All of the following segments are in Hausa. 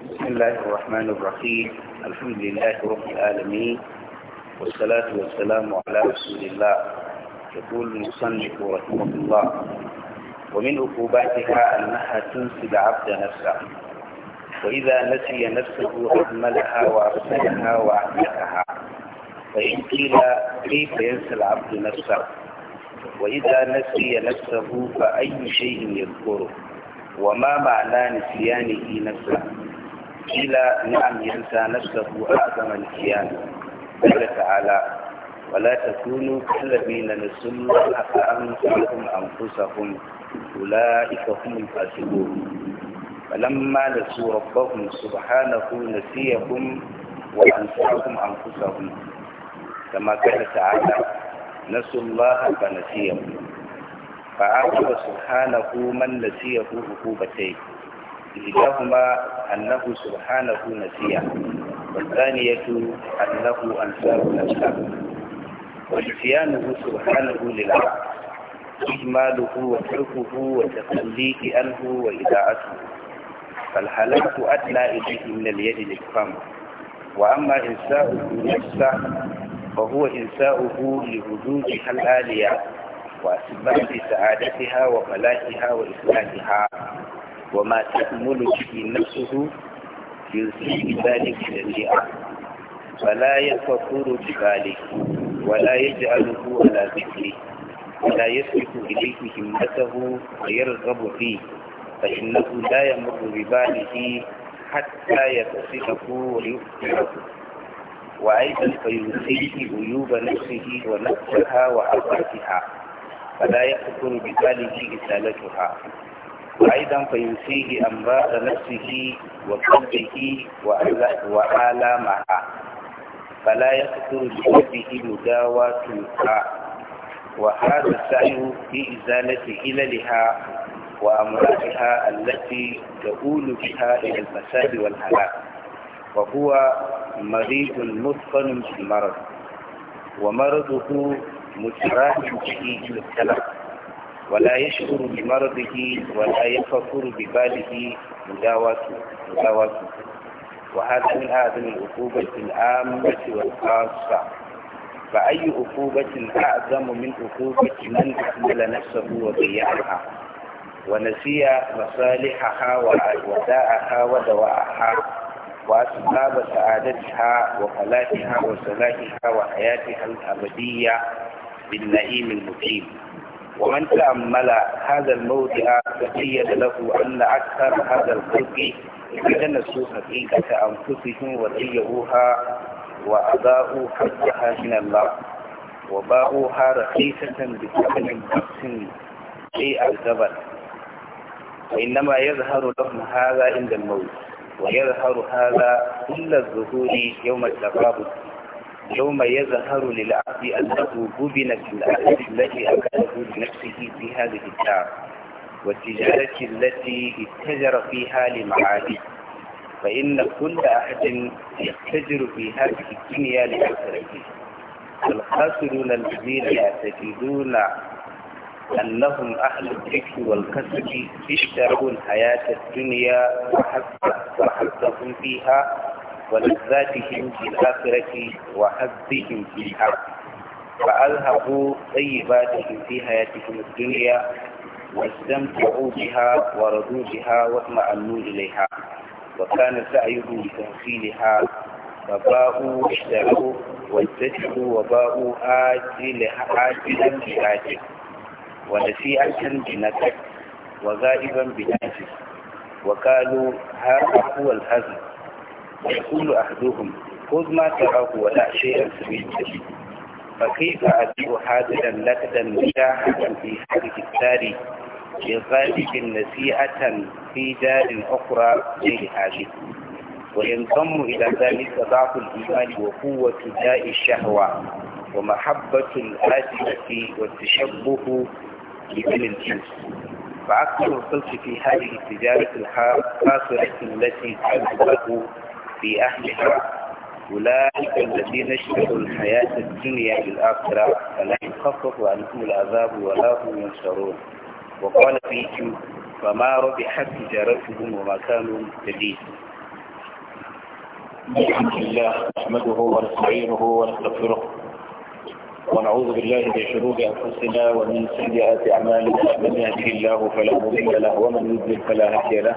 بسم الله الرحمن الرحيم الحمد لله رب العالمين والصلاة والسلام على رسول الله يقول المصنف رحمه الله ومن عقوباتها أنها تنسي العبد نفسه وإذا نسي نفسه أهملها وأرسلها وأهلكها فإن قيل كيف ينسى العبد نفسه وإذا نسي نفسه فأي شيء يذكره وما معنى نسيانه نفسه قيل نعم ينسى نفسه أعظم الكيان قال تعالى ولا تكونوا كالذين نسوا الله فأنساهم أنفسهم أولئك هم الفاسقون فلما نسوا ربهم سبحانه نسيهم وأنساهم أنفسهم كما قال تعالى نسوا الله فنسيهم فعاقب سبحانه من نسيه عقوبتين إحداهما أنه سبحانه نسيه والثانية أنه أنساه نفسه ونسيانه سبحانه للعبد إجماله وتركه وتقليك أنه وإذاعته فالحلاك أدنى إليه من اليد للفم وأما إنساؤه نفسه فهو إنساؤه لوجودها الآلية وأسباب سعادتها وفلاحها وإصلاحها وما تحمل به نفسه يلقي بذلك جميعا فلا يفكر بذلك ولا يجعله على ذكره ولا يسلك إليه همته ويرغب فيه فإنه لا يمر بباله حتى يتصله ويفكره وأيضا فيلقيه عيوب نفسه ونفسها وأوقاتها فلا يفكر بذلك إزالتها أيضا فينسيه أمراض نفسه وقلبه معه فلا يقتل بقلبه مداواتها وهذا السعي في إزالة عللها وأمراضها التي تؤول بها إلى الفساد والهلاك وهو مريض مثقل في المرض ومرضه متراهم به إلى ولا يشعر بمرضه ولا يفكر بباله مداواته مداواته وهذا من أعظم العقوبة العامة والخاصة فأي عقوبة أعظم من عقوبة من أحمل نفسه وضيعها ونسي مصالحها وداءها ودواءها وأسباب سعادتها وفلاحها وسلاحها وحياتها الأبدية بالنعيم المقيم ومن تأمل هذا الموضع تقيد له أن أكثر هذا الخلق تجنسوا حقيقة أنفسهم وضيعوها وأضاءوا حقها من الله وباعوها رخيصة بثمن نفس شيء الزبر وإنما يظهر لهم هذا عند الموت ويظهر هذا كل الظهور يوم التقابل يوم يظهر للعبد أنه في الأهل التي أكله لنفسه في هذه الدار والتجارة التي اتجر فيها لمعاده فإن كل أحد يتجر في هذه الدنيا لآخرته الخاسرون الذين يعتقدون أنهم أهل الذكر والكسب اشتروا الحياة الدنيا وحسبهم فيها ولذاتهم في الآخرة وحظهم فيها فألهقوا طيباتهم في حياتهم الدنيا واستمتعوا بها ورضوا بها واطمأنوا إليها وكان سعيهم لتحصيلها فباءوا واشتروا واتجهوا وباءوا آجلا بآجل ونسيئة بنكد وغائبا بنجس وقالوا هذا هو الهزم يقول أحدهم خذ ما تراه ولا شيئا الجسد فكيف أبيع حاضرا لقدا مشاحة في هذه الدار لغالب نسيئة في دار أخرى غير هذه وينضم إلى ذلك ضعف الإيمان وقوة داء الشهوة ومحبة الآثمة والتشبه بابن الجنس فأكثر الخلق في هذه التجارة الخاسرة التي كانت له في أهلها أولئك الذين اشتروا الحياة الدنيا بالآخرة فلا يخفف عنهم العذاب ولا هم ينصرون وقال فيهم فما ربحت تجارتهم وما كانوا مهتدين الحمد لله نحمده ونستعينه ونستغفره ونعوذ بالله من شرور انفسنا ومن سيئات اعمالنا من يهده الله فلا مضل له ومن يضلل فلا هادي له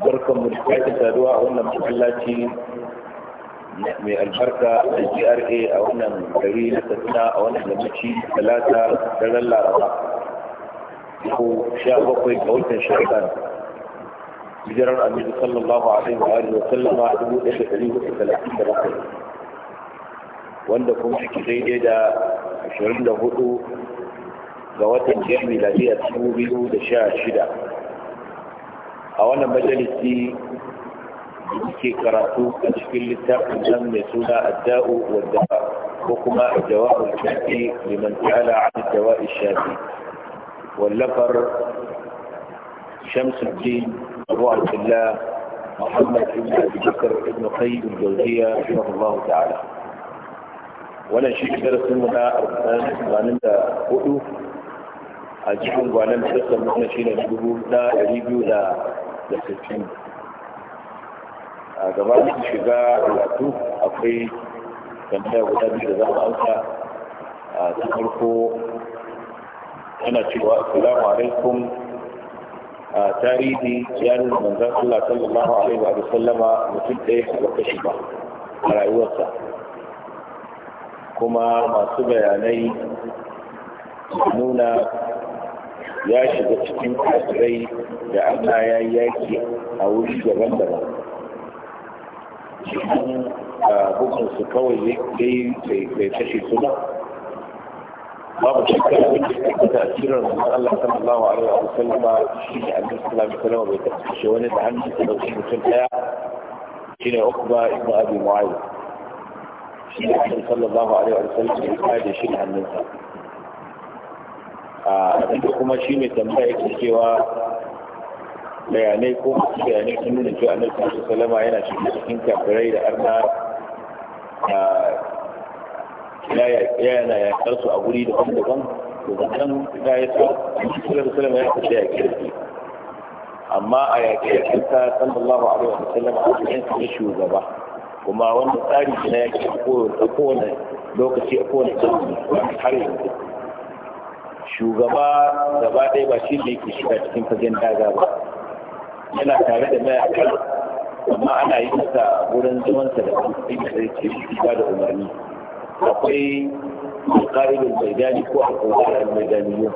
barkan mu da sake saduwa a wannan masallaci mai albarka da GRA a wannan gari na Katsina a wannan lokaci talata daren Laraba ko sha bakwai ga watan Sha'ban hijirar Annabi sallallahu alaihi wa alihi wa sallama dubu ɗaya da ɗari hudu talatin da bakwai wanda kuma shi daidai da ashirin da hudu ga watan Jami'a Ladiya dubu biyu da sha shida a wannan majalisi ke karatu a cikin littafin nan mai suna adda'u wadda ko kuma jawabul shafi liman ta'ala an dawa'i shafi wallafar shamsuddin abu abdullah muhammad ibn abi bakr ibn qayyim al-jawziyya rahimahullah ta'ala wannan shi darasin mu na 84 a cikin gwanan darasin mu na shine 2200 da sittin a gabanin shiga karatu akwai tambaya guda biyu da za mu amsa a ta farko yana cewa assalamu alaikum a tarihi ya manzan Allah sallallahu alaihi wa sallama mutum ɗaya a lokaci ba a rayuwarsa kuma masu bayanai nuna ya shiga cikin kafirai da Allah ya yaki a wuri daban-daban cikin bukunsu kawai dai bai tashi su ba babu shakka da ke da asirar da Allah sallallahu alaihi wa sallam ba shi ne annabi sallallahu alaihi wa sallam bai tashi wani da hannu da dauki mutum daya shine Uqba ibn Abi Mu'ayyid shi ne annabi sallallahu alaihi wa sallam ya da shi hannunsa a kuma shi ne tambaya yake cewa bayanai ko bayanai sun nuna cewa annabi su salama yana cikin cikin kafirai da arna yana yaƙar su a guri daban-daban to wannan ya yi sa sallallahu salama ya kusa yaƙi da amma a yaƙi yaƙin ta sallallahu alaihi wa sallam a cikin su shugaba kuma wanda tsari na yaƙi a kowane lokaci a kowane tsari har yanzu shugaba gaba ɗaya ba shi ne ke shiga cikin fagen daga ba yana tare da mayakan amma ana yi masa wurin zamansa da kuma da ke shiga da umarni akwai mai maidani ko alƙa'idul maidaniyo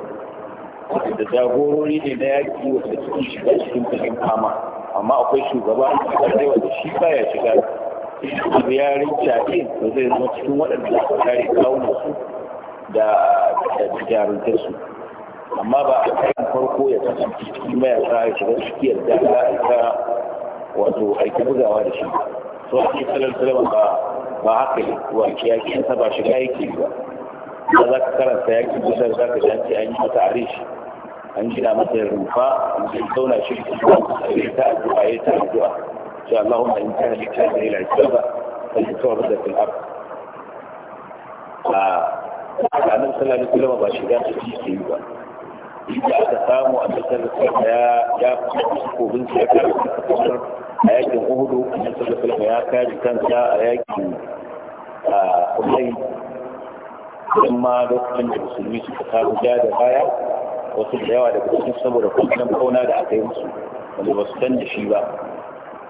da jagorori ne na yaƙi wanda suke shiga cikin fagen fama amma akwai shugaba da ɗaya wanda shi baya shiga yarin shaɗe da zai zama cikin waɗanda za su kare kawunan su da jaruntarsu amma ba a kan farko ya kasance cikin mayasa ya shiga tsakiyar da za a aika wato aika bugawa da shi so a cikin salar salama ba ba haka yi wa yakin sa ba shiga yake ba da za ka karanta yakin kusa za ka dace an yi mata arishi an gina masa rufa an zauna shi ta addu'a ya ta addu'a sai Allahumma in kana lika ila kitaba fa yatawadda fil ard haka annabi sallallahu alaihi wasallam ba shiga ta ci ke yi ba inda aka samu a cikin sallallahu ya ya ko bin ya kare kansa a yakin uhudu annabi sallallahu alaihi ya kare kansa a yakin a hudayn in ma lokacin da musulmi suka kawo ja da baya wasu da yawa daga cikin saboda kwanan kauna da aka yi musu wanda ba su san da shi ba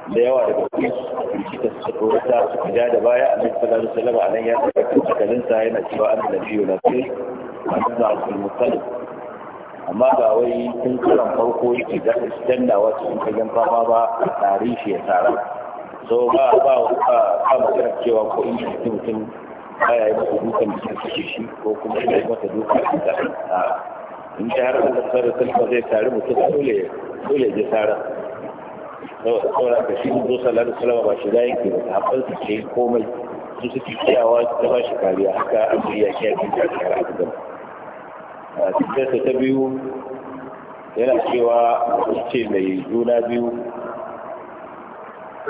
da yawa daga cikin rikita su tsorata su gida da baya a nan sallallahu salama wasallam anan ya tsaka kan sa yana cewa an da biyu na a nan da abdul mutalib amma ga wai tun karan farko yake da su danna wasu sun kagen fama ba a tsari shi ya tsara so ba ba ba magana cewa ko in shi mutum ba ya yi masa dukan da suka kashe shi ko kuma ina yi masa dukan da suka in ta har an da tsara sallallahu zai tare mutum dole ya je tsara saboda ka shi zo sallallahu alaihi wasallam ba shiga yake da hakan su ce komai su suke kiyawa ta ba shi kariya haka an biya shi a cikin shara a gaba a cikin ta biyu yana cewa ce mai juna biyu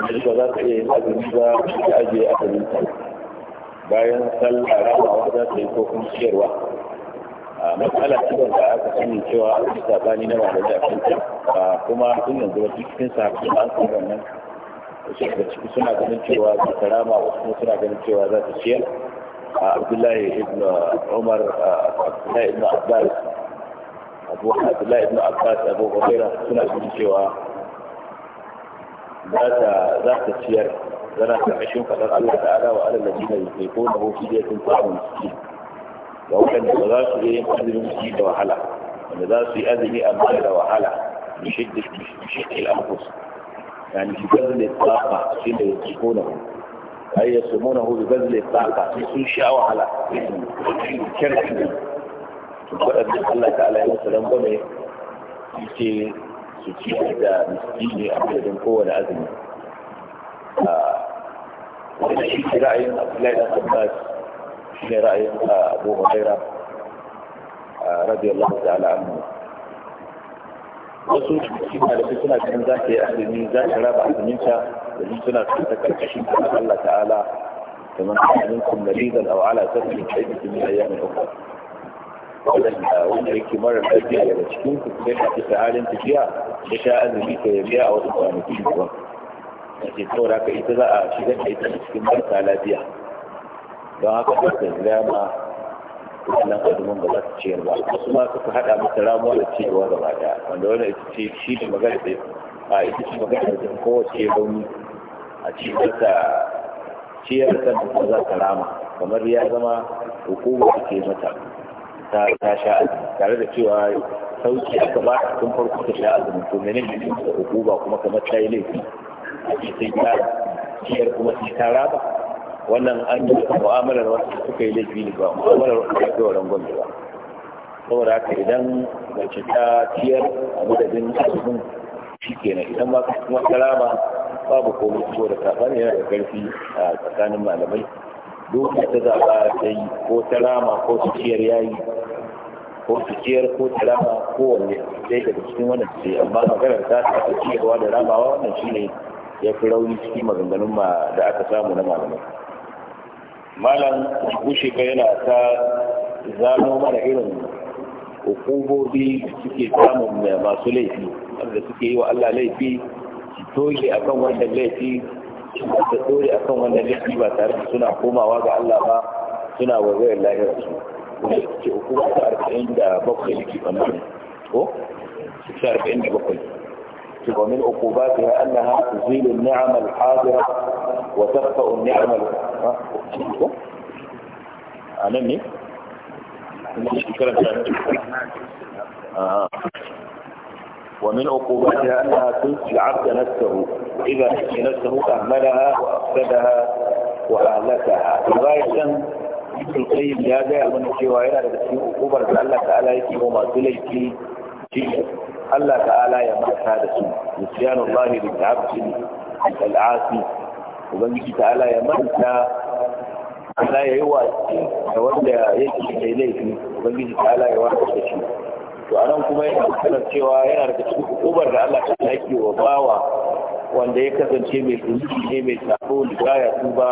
da ba za ta iya yin azumi ba ta ajiye azumin ta bayan sallah ramawa za ta yi ko kuma ciyarwa matsala ce da aka sani cewa a cikin sabani na malamai a cikin kuma sun yanzu wasu cikin sabani an san wannan da ciki suna ganin cewa za ta rama wasu suna ganin cewa za ta ciyar a abdullahi ibn umar abdullahi ibn abbas abu abdullahi ibn abbas abu hurairah suna ganin cewa za ta za ta ciyar zana karkashin faɗar Allah ta'ala wa alal ladina yuqinuhu fidyatun ta'amun miskin وكان ده ده إيه؟ في ايه في وحاله ان ده في اذني امانه وحاله بشد بشد الانفس يعني بذل الطاقة في اللي أي يسمونه ببذل الطاقة في سوشي أو على في الكرح تقول أن الله تعالى عليه السلام بني في شيء سوشي هذا مستيني أبدا من قوة لأذنه آه. وإن في رأي أبو هريرة رضي الله تعالى عنه وصول كما لبسنا كنزا في أهل الميزة شراب أهل الميزة لبسنا في تكر كشيك تعالى فمن كان منكم مريضا أو على سفر من أيام أخرى وذلك مرة فردية لتكون كتبين في سعال تجيا لشاء ذلك يبيع أو تقوم بيه وقت لكن تورا كإتلاء شدك إتلاء كتبين don haka da ta zama wannan azumin ba za su ciyar ba wasu ma suka haɗa musu ramuwa da cewa gaba daya wanda wani ita ce shi da magana da a ita ce magana da ta kowace rauni a ciyar ta ciyar ta da za ta rama kamar ya zama hukuma da ke mata ta sha tare da cewa sauki aka ba ta tun farko ta sha azumin to menene ne da hukuma kuma kamar ta yi laifi a cikin ta ciyar kuma sai ta rama wannan an yi mu'amalar wasu suka yi laifi ne ba mu'amalar wasu suka yi wannan gwamnati ba saboda haka idan mace ta ciyar a madadin asibin shi kenan idan ma kuma karama babu komai da saɓani yana da ƙarfi a tsakanin malamai duk da ta zaɓa ta yi ko ta rama ko ta ciyar yi ko ciyar ko rama ko wanne sai daga cikin wannan ce amma maganar ta ta ciyarwa da ramawa wannan shi ne ya fi rauni cikin maganganun ma da aka samu na malamai malam gushe ka yana ta zano mana irin hukubobi suke samun masu laifi wanda suke yi wa Allah laifi su toge kan wannan laifi su a kan wannan laifi ba tare da suna komawa ga Allah ba suna wazayar lahirar su ce hukuma ta arba'in da bakwai da ke tsammani ko ta arba'in da bakwai to ba min uku ba ta yi Allah, annaha tuzilu ni'amal hadira وتبقى النعمة أنا آه. ومن عقوبتها أنها تنسي العبد نفسه وإذا نسي نفسه أهملها وأفسدها وأهلكها رواية ابن القيم لهذا جاي من الرواية التي عقوبة الله تعالى يكي وما تليكي الله تعالى يمحى هذا الشيء نسيان الله للعبد العاصي ubangiji ala ya manta ala ya yi wasu da wanda ya yake da laifi ubangiji ala ya wata da shi to anan kuma yana maganar cewa yana da cikin hukumar da Allah ta yake wa bawa wanda ya kasance mai zunubi ne mai sabo da baya tuba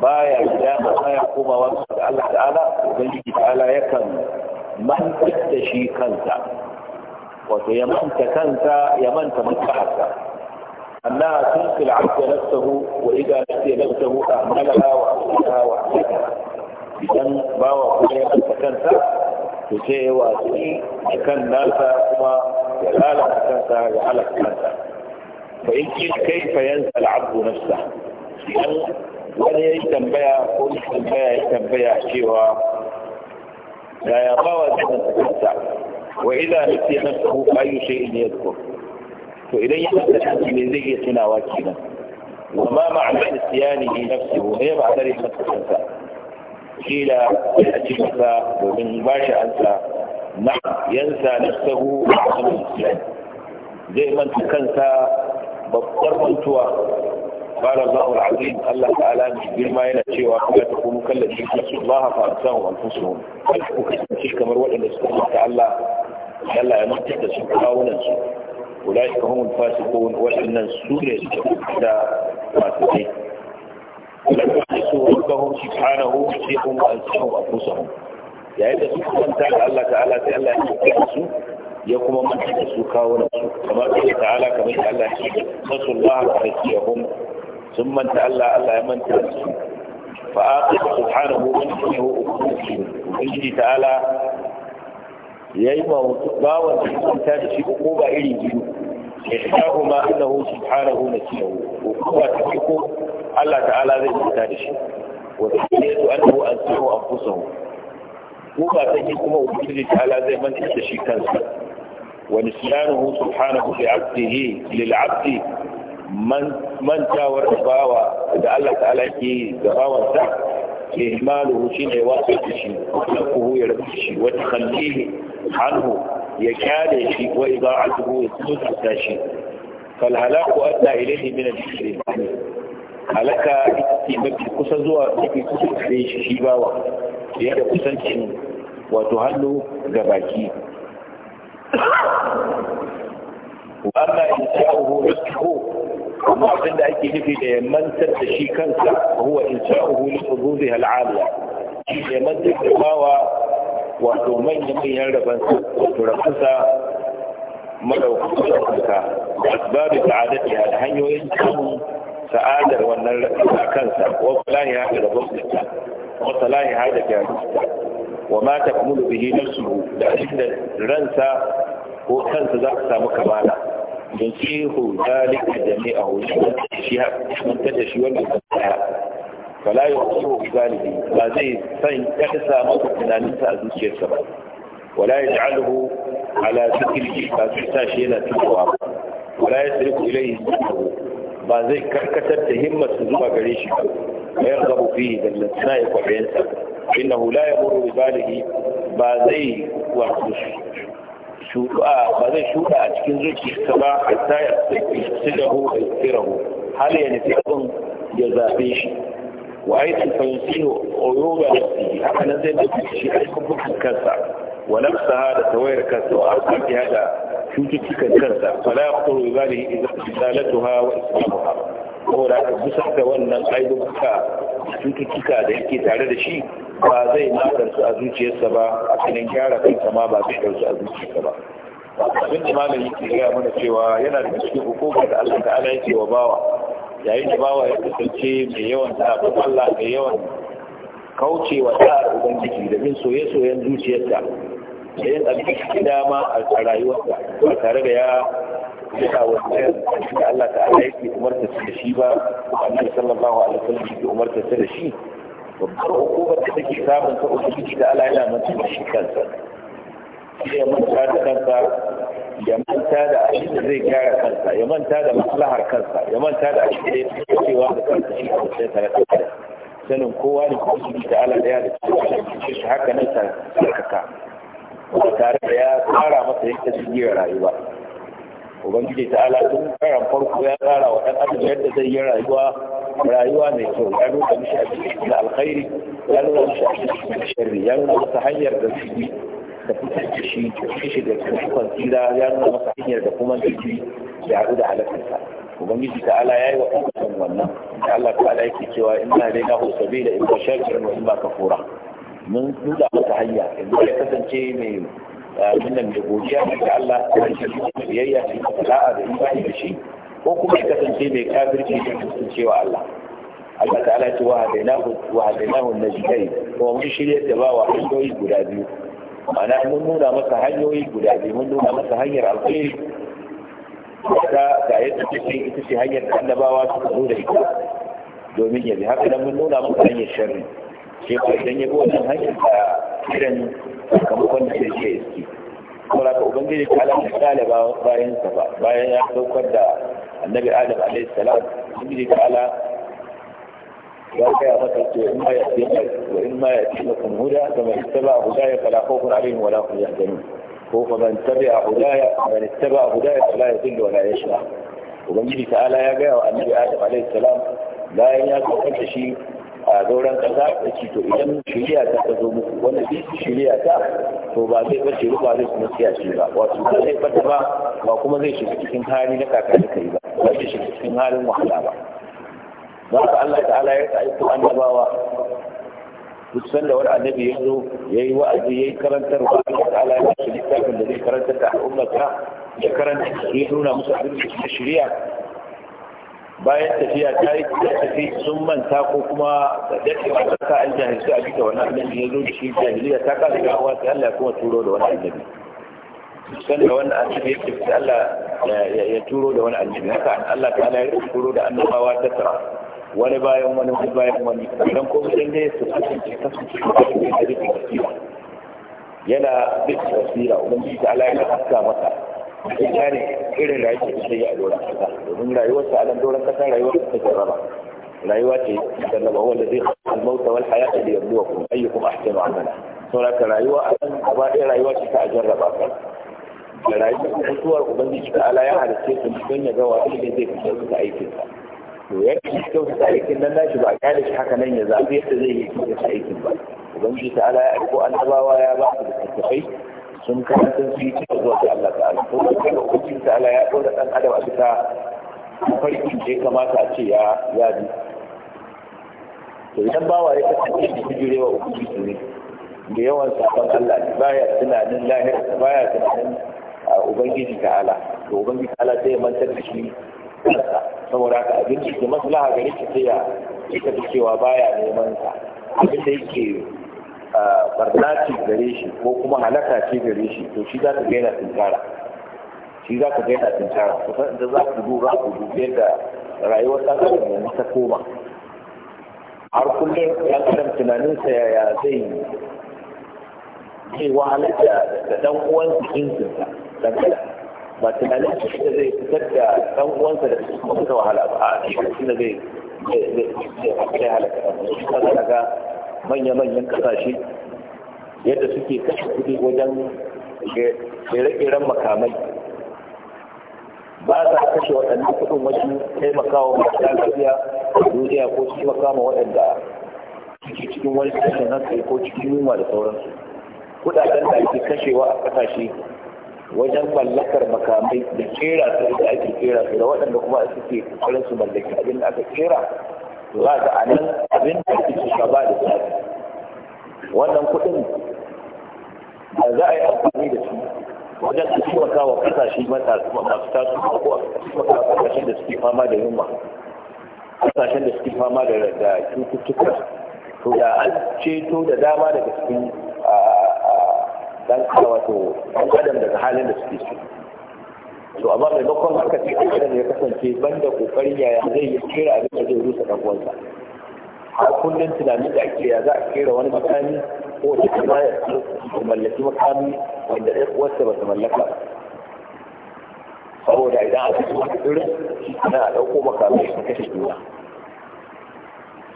baya gida baya wasu da Allah ala ubangiji ya kan manta da shi kansa wato ya manta kansa ya manta mutuwarsa انها ن تلقي العبد نفسه واذا نسي نفسه أ ه م ل ه ا واحسنها واحسنها اذن ما هو كلمه سكنت تسيء واسعي سكن ناسا ثم جلاله سكنت جعل سكنت فان كنت كيف ينسى العبد نفسه اذن ولا يتنبيا قل تنبيا يتنبيا سوى بها يقوى سكنت و ان ذ واذا نسي نفسه أ شيء يذكر إلي حتى تأتي من ذي يتنا واكينا وما مع من استياني نفسه هي مع ذلك نفسه أنت قيل يأتي نفسه ومن باش أنت نعم ينسى نفسه مع الإسلام زي ما تكنسى بطر من توا قال الله العظيم الله تعالى جبير ما ينا شيء وقال تكونوا كالذي يخلص الله فأنساهم أنفسهم فلحكوا كسم تلك مروء الله تعالى يلا يا مهتدى سبحانه ونسوه أولئك هم الفاسقون وإن السورة لا فاسقين لم يحسوا ربهم سبحانه وسيهم وأنسهم أنفسهم yayin da suka manta da Allah ta'ala sai Allah ya kira su ya kuma manta da su kawo na su kamar da ta'ala kamar da Allah ya ce sallallahu alaihi wa sallam sun Allah ya ta'ala ya yi ma bawan da ta da shi ko ba iri biyu ya shahu ma annahu hu na ciyahu ko ba ta ko Allah ta'ala zai ta da shi wa tafiyatu annahu an ciyahu an hu ko ba ta ke kuma ubangiji ta'ala zai manta da shi kansa Wani wa nisyanuhu subhanahu li abdihi lil abdi mantawar bawa da Allah ta'ala ke ga bawansa ne shine da shi ko ya rabu shi wa takhallihi hannu ya kyale shi wa iza atuhu ya tsuntsunta shi falhalaku adda ilaihi min al-shirk halaka ita mafi kusa zuwa take kusa da shi shi bawa fiye da kusancin wato hannu ga baki in wannan insha'uhu rizquhu amma abin da ake nufi da yammantar da shi kansa huwa insha'uhu li hududhi al-aliya shi yammantar da bawa wato manyan manyan rabansa wato rabansa madaukakanka da sa'adar ya da hanyoyin samun sa'adar wannan kansa ko wa kulahi ha da gwamnati wa salahi ha da jarumta wa ma ta kuma bihi su da inda ransa ko kansa za a samu kamala don kihu zalika jami'a shi ha mantar da shi wannan kamala fala ya kusa bi ba zai san ya kasa masa a zuciyarsa ba wala ya ja'alhu ala zikirki ba zai sa shi yana tukowa ba wala ya tsirku ilai ba zai karkatar da himmarsa zuwa gare shi ba ya yarda fi da lantana ya kwaɗayensa innahu la yamuru bi balihi ba zai wato shuɗa ba zai a cikin zuciyarsa ba hatta har ya nufi ya zaɓe shi وأيضا فيزيل عيوب نفسه حتى نزل شيء يكون كنسا ونفس هذا توير كنسا وأصل في هذا شوتك كنسا فلا يخطر بباله إذا إزالتها da هو لا تبسط وأن أيضا cututtuka da yake tare da shi ba zai matarsu a zuciyarsa ba a cikin gyara kansa ma ba zai ɗarsu a zuciyarsa ba abin da malam yake gaya mana cewa yana da cikin hukumar da Allah ta'ala yake wa bawa yayin da bawa ya kasance mai yawan ta'abin Allah mai yawan kaucewa ta'ar ubangiji da bin soye-soyen zuciyarsa da yin abin dama a rayuwarsa ba tare da ya yana wajen da Allah ta'ala yake umarta da shi ba annabi sallallahu alaihi wasallam yake umarta da shi babbar hukumar da take samun ta ubangiji da Allah yana manta da shi kansa sai ya manta da kansa ya manta da abin da zai gyara kansa ya manta da maslahar kansa ya manta da abin da ya fi cewa da kansa shi da sai tare da sanin kowa da kuma da ala daya da cikin shi haka nan sarkaka ba tare da ya tsara masa yadda zai yi rayuwa ubangiji ta ala tun karan farko ya tsara wa dan adam yadda zai yi rayuwa rayuwa mai kyau ya nuna mishi abin da alkhairi ya nuna mishi abin da sharri ya nuna masa hanyar da zai da fitar da shi cikin shi da cikin tsira ya nuna masa hanyar da kuma jiki ya haɗu da halakarsa ubangiji ta ala ya yi wa ɗan wannan da allah ta ala yake cewa in na dai na hosabe da in shakirin wa in ba kafura mun nuna masa hanya yanzu ya kasance mai wannan mai godiya da Allah da shi biyayya da sala'a da imani da shi ko kuma ya kasance mai kafirci da kasancewa Allah Allah ta'ala ce wa hadainahu wa hadainahu najdai kuma mun shirye da bawa hanyoyi guda biyu ma'ana mun nuna masa hanyoyi guda biyu mun nuna masa hanyar alkhairi ta ga yadda take ita ce hanyar annabawa suka zo da ita domin ya bi haka nan mun nuna masa hanyar sharri shi ko idan ya bi wannan hanyar da kiran sakamakon da zai ce iski kuma ka ubangiji ta alaƙa talaba bayan sa ba bayan ya saukar da annabi adam alaihi salam ubangiji ta alaƙa ya gaya maka ce in ma ya ce wa in ma ya ce maka huda kama ittaba hudaya fala khawfun alaihim wala ya gani ko fa man tabi'a hudaya man ittaba ya fala yadhillu wala ya yashqa ubangiji ta'ala ya gaya wa annabi adam alaihi salam bayan ya kokanta shi a zauren kasa da ci to idan shirya ta ta zo muku wanda shi shirya ta to ba zai bace ba zai kuma siya shi ba wato ba zai bata ba ba kuma zai shiga cikin hali na kakanni kai ba ba zai shiga cikin halin wahala ba ba ka Allah ta'ala ya ka aiko annabawa duk sanda wani annabi ya zo ya yi wa'azi ya yi karantar wa Allah ta'ala ya shi littafin da zai karantar da al'ummata ya karanta ya nuna musu abin da shirya bayan tafiya ta yi tafi sun manta ko kuma da daɗewa ta sa an jahilci a bi ta wani annabi ya zo da shi jahiliya ta kasa gawa sai Allah kuma turo da wani annabi sanda wani annabi ya tafi Allah ya turo da wani annabi haka Allah ta'ala ya turo da annabawa ta tara wani bayan wani wani bayan wani don kuma sun dai su kasance kasance a cikin da rikin basira yana rikin basira ubangiji ta ala yana haska masa cikin gane irin rayuwar doron kasa domin doron kasa rayuwar ta jarraba rayuwa ce zai mauta da kuma rayuwa a gaba ɗaya rayuwa ce ta jarraba da rayuwar mutuwar ubangiji ta ala ya halitta su don ya ga wa ne zai fitar da aikinsa to ya ke kyautata aikin nan nashi ba a kyale shi haka nan ya zaɓi yadda zai yi kyautata aikin ba ubangiji ta ala ya aiko annabawa ya ba su littattafai sun karantar su yi cikin zuwa ga Allah ta'ala ko da kaga ubangiji ta ala ya ɗora ɗan adam a bisa farkin da ya kamata a ce ya ya bi to idan bawa ya kasance da bijirewa ubangiji ne da yawan sabon Allah ne baya tunanin lahira baya tunanin ah, ubangiji ta'ala to ubangiji ta'ala sai ya mantar da shi kansa saboda haka abinci da maslaha gare shi sai ya ita da cewa baya neman ka. abin da yake barna ce gare shi ko kuma halaka ce gare shi to shi za ka ga yana tunkara shi za ka ga tunkara kusan da za ku duba ku dubi yadda rayuwar ɗan adam ya ta koma har kullum ɗan adam tunaninsa yaya zai zai wahalar da ɗan uwan jikinsa ɗan adam ba tunanin shi da zai fitar da ɗan uwansa da suka fita wahala ba a shi da zai zai halaka ɗan shi ka daga ga manya-manyan ƙasashe yadda suke kashe kuɗi wajen ƙere-ƙeren makamai ba sa kashe waɗannan kuɗin wajen taimakawa masu lafiya a duniya ko su taimakawa waɗanda suke cikin wani tashin hankali ko cikin yunwa da sauransu kuɗaɗen da ake kashewa a ƙasashe wajen mallakar makamai da kera su da ake kera su da waɗanda kuma suke kokarin su mallaki abin da aka kera to za ga anan abin da ake shaba da tsari wannan kuɗin da za a yi amfani da su wajen su taimaka wa kasashe masu tasu ko a taimaka wa kasashen da suke fama da yunwa kasashen da suke fama da cututtuka to da an ceto da dama daga cikin dan wato dan adam daga halin da suke ciki to amma maimakon haka ce dan adam ya kasance banda kokari yaya zai yi kera abin da zai rusa dan uwansa har kullun tunanin da ake ya za a kera wani makami ko ta kuma ya mallaki makami wanda ɗan uwarsa ba su mallaka saboda idan a cikin wani tsirin na a ɗauko makamai su kashe juna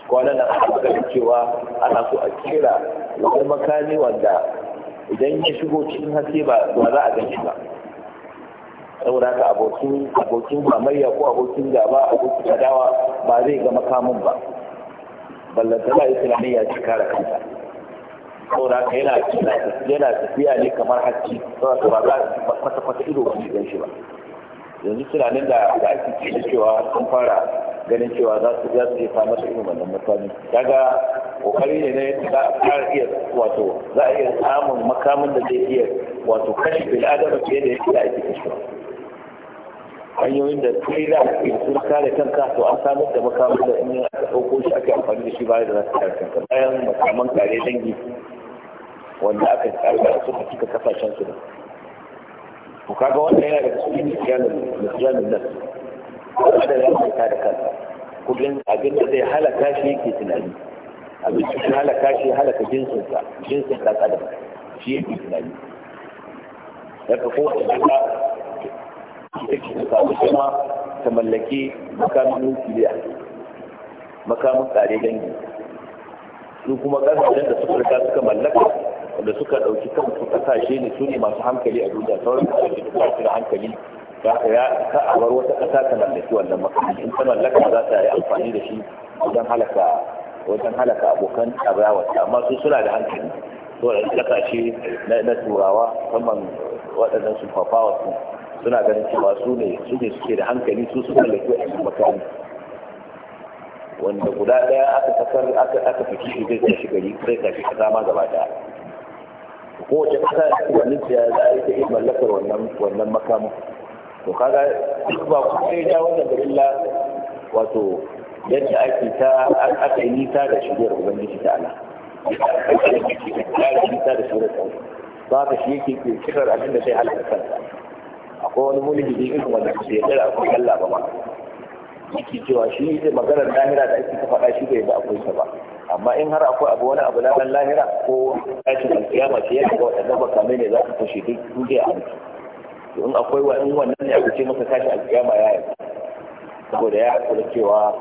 kwanan nan aka cewa ana so a kera wani makami wanda idan ya shigo cikin haske ba ba za a ganshi ba saboda ka abokin abokin mamayya ko abokin gaba abokin adawa ba zai ga makamin ba ballanta ba islamiyya ci kare kanta saboda ka yana yana tafiya ne kamar haske saboda ba za a kwata kwata ido ba shi ba yanzu tunanin da ake cewa sun fara ganin cewa za su za su iya samar da irin wannan mutane. daga kokari ne na yadda za a iya wato za a iya samun makamin da zai iya wato kashe bil adama fiye da yake da ake kashewa hanyoyin da kai za a iya sun kare kanka to an samar da makamin da in aka ɗauko shi ake amfani da shi bayan da za su kare kanka bayan makaman kare dangi wanda aka da suka cika kasashen su da Ku kaga wannan yana da cikin kiyanin nasu. kuma da ya manta da kansa kullum abin da zai halaka shi yake tunani abin da zai halaka shi halaka jinsinsa jinsin ɗan adam shi yake tunani daga kowace kasa take da samu kuma ta mallaki makamin nukiliya makamin kare dangi su kuma kasashen da suka rika suka mallaka da suka ɗauki kansu kasashe ne su ne masu hankali a duniya sauran kasashe da suka hankali ka ya ka a bar wata ƙasa ta mallaki wannan makamin. in ta mallaka za ta yi amfani da shi wajen halaka wajen halaka abokan adawa amma su suna da hankali to da kasashe na turawa kaman waɗannan su fafawa su suna ganin cewa su ne su ne suke da hankali su su mallaki wannan makami wanda guda ɗaya aka sakar aka aka fice zai tashi gari zai tashi kasa ma gaba ɗaya kowace ƙasa da wani ya za a yi ta iya mallakar wannan makamin to kaga duk ba ku sai ja wannan garilla wato yadda ake ta aka yi nisa da shigar ubangiji ta ala aka yi nisa da shigar ta ba ka shi yake ke kirar abin da sai halaka kansa akwai wani mulhidi irin wanda ke yadda akwai Allah ba ma yake cewa shi zai maganar lahira da ake faɗa shi bai da akwai sa ba amma in har akwai abu wani abu na lahira ko tashin alkiyama ce yadda ga waɗannan makamai ne za ka kashe duk duniya a mutu to in akwai wa in wannan ne aka ce masa a kiyama ya yi saboda ya kula cewa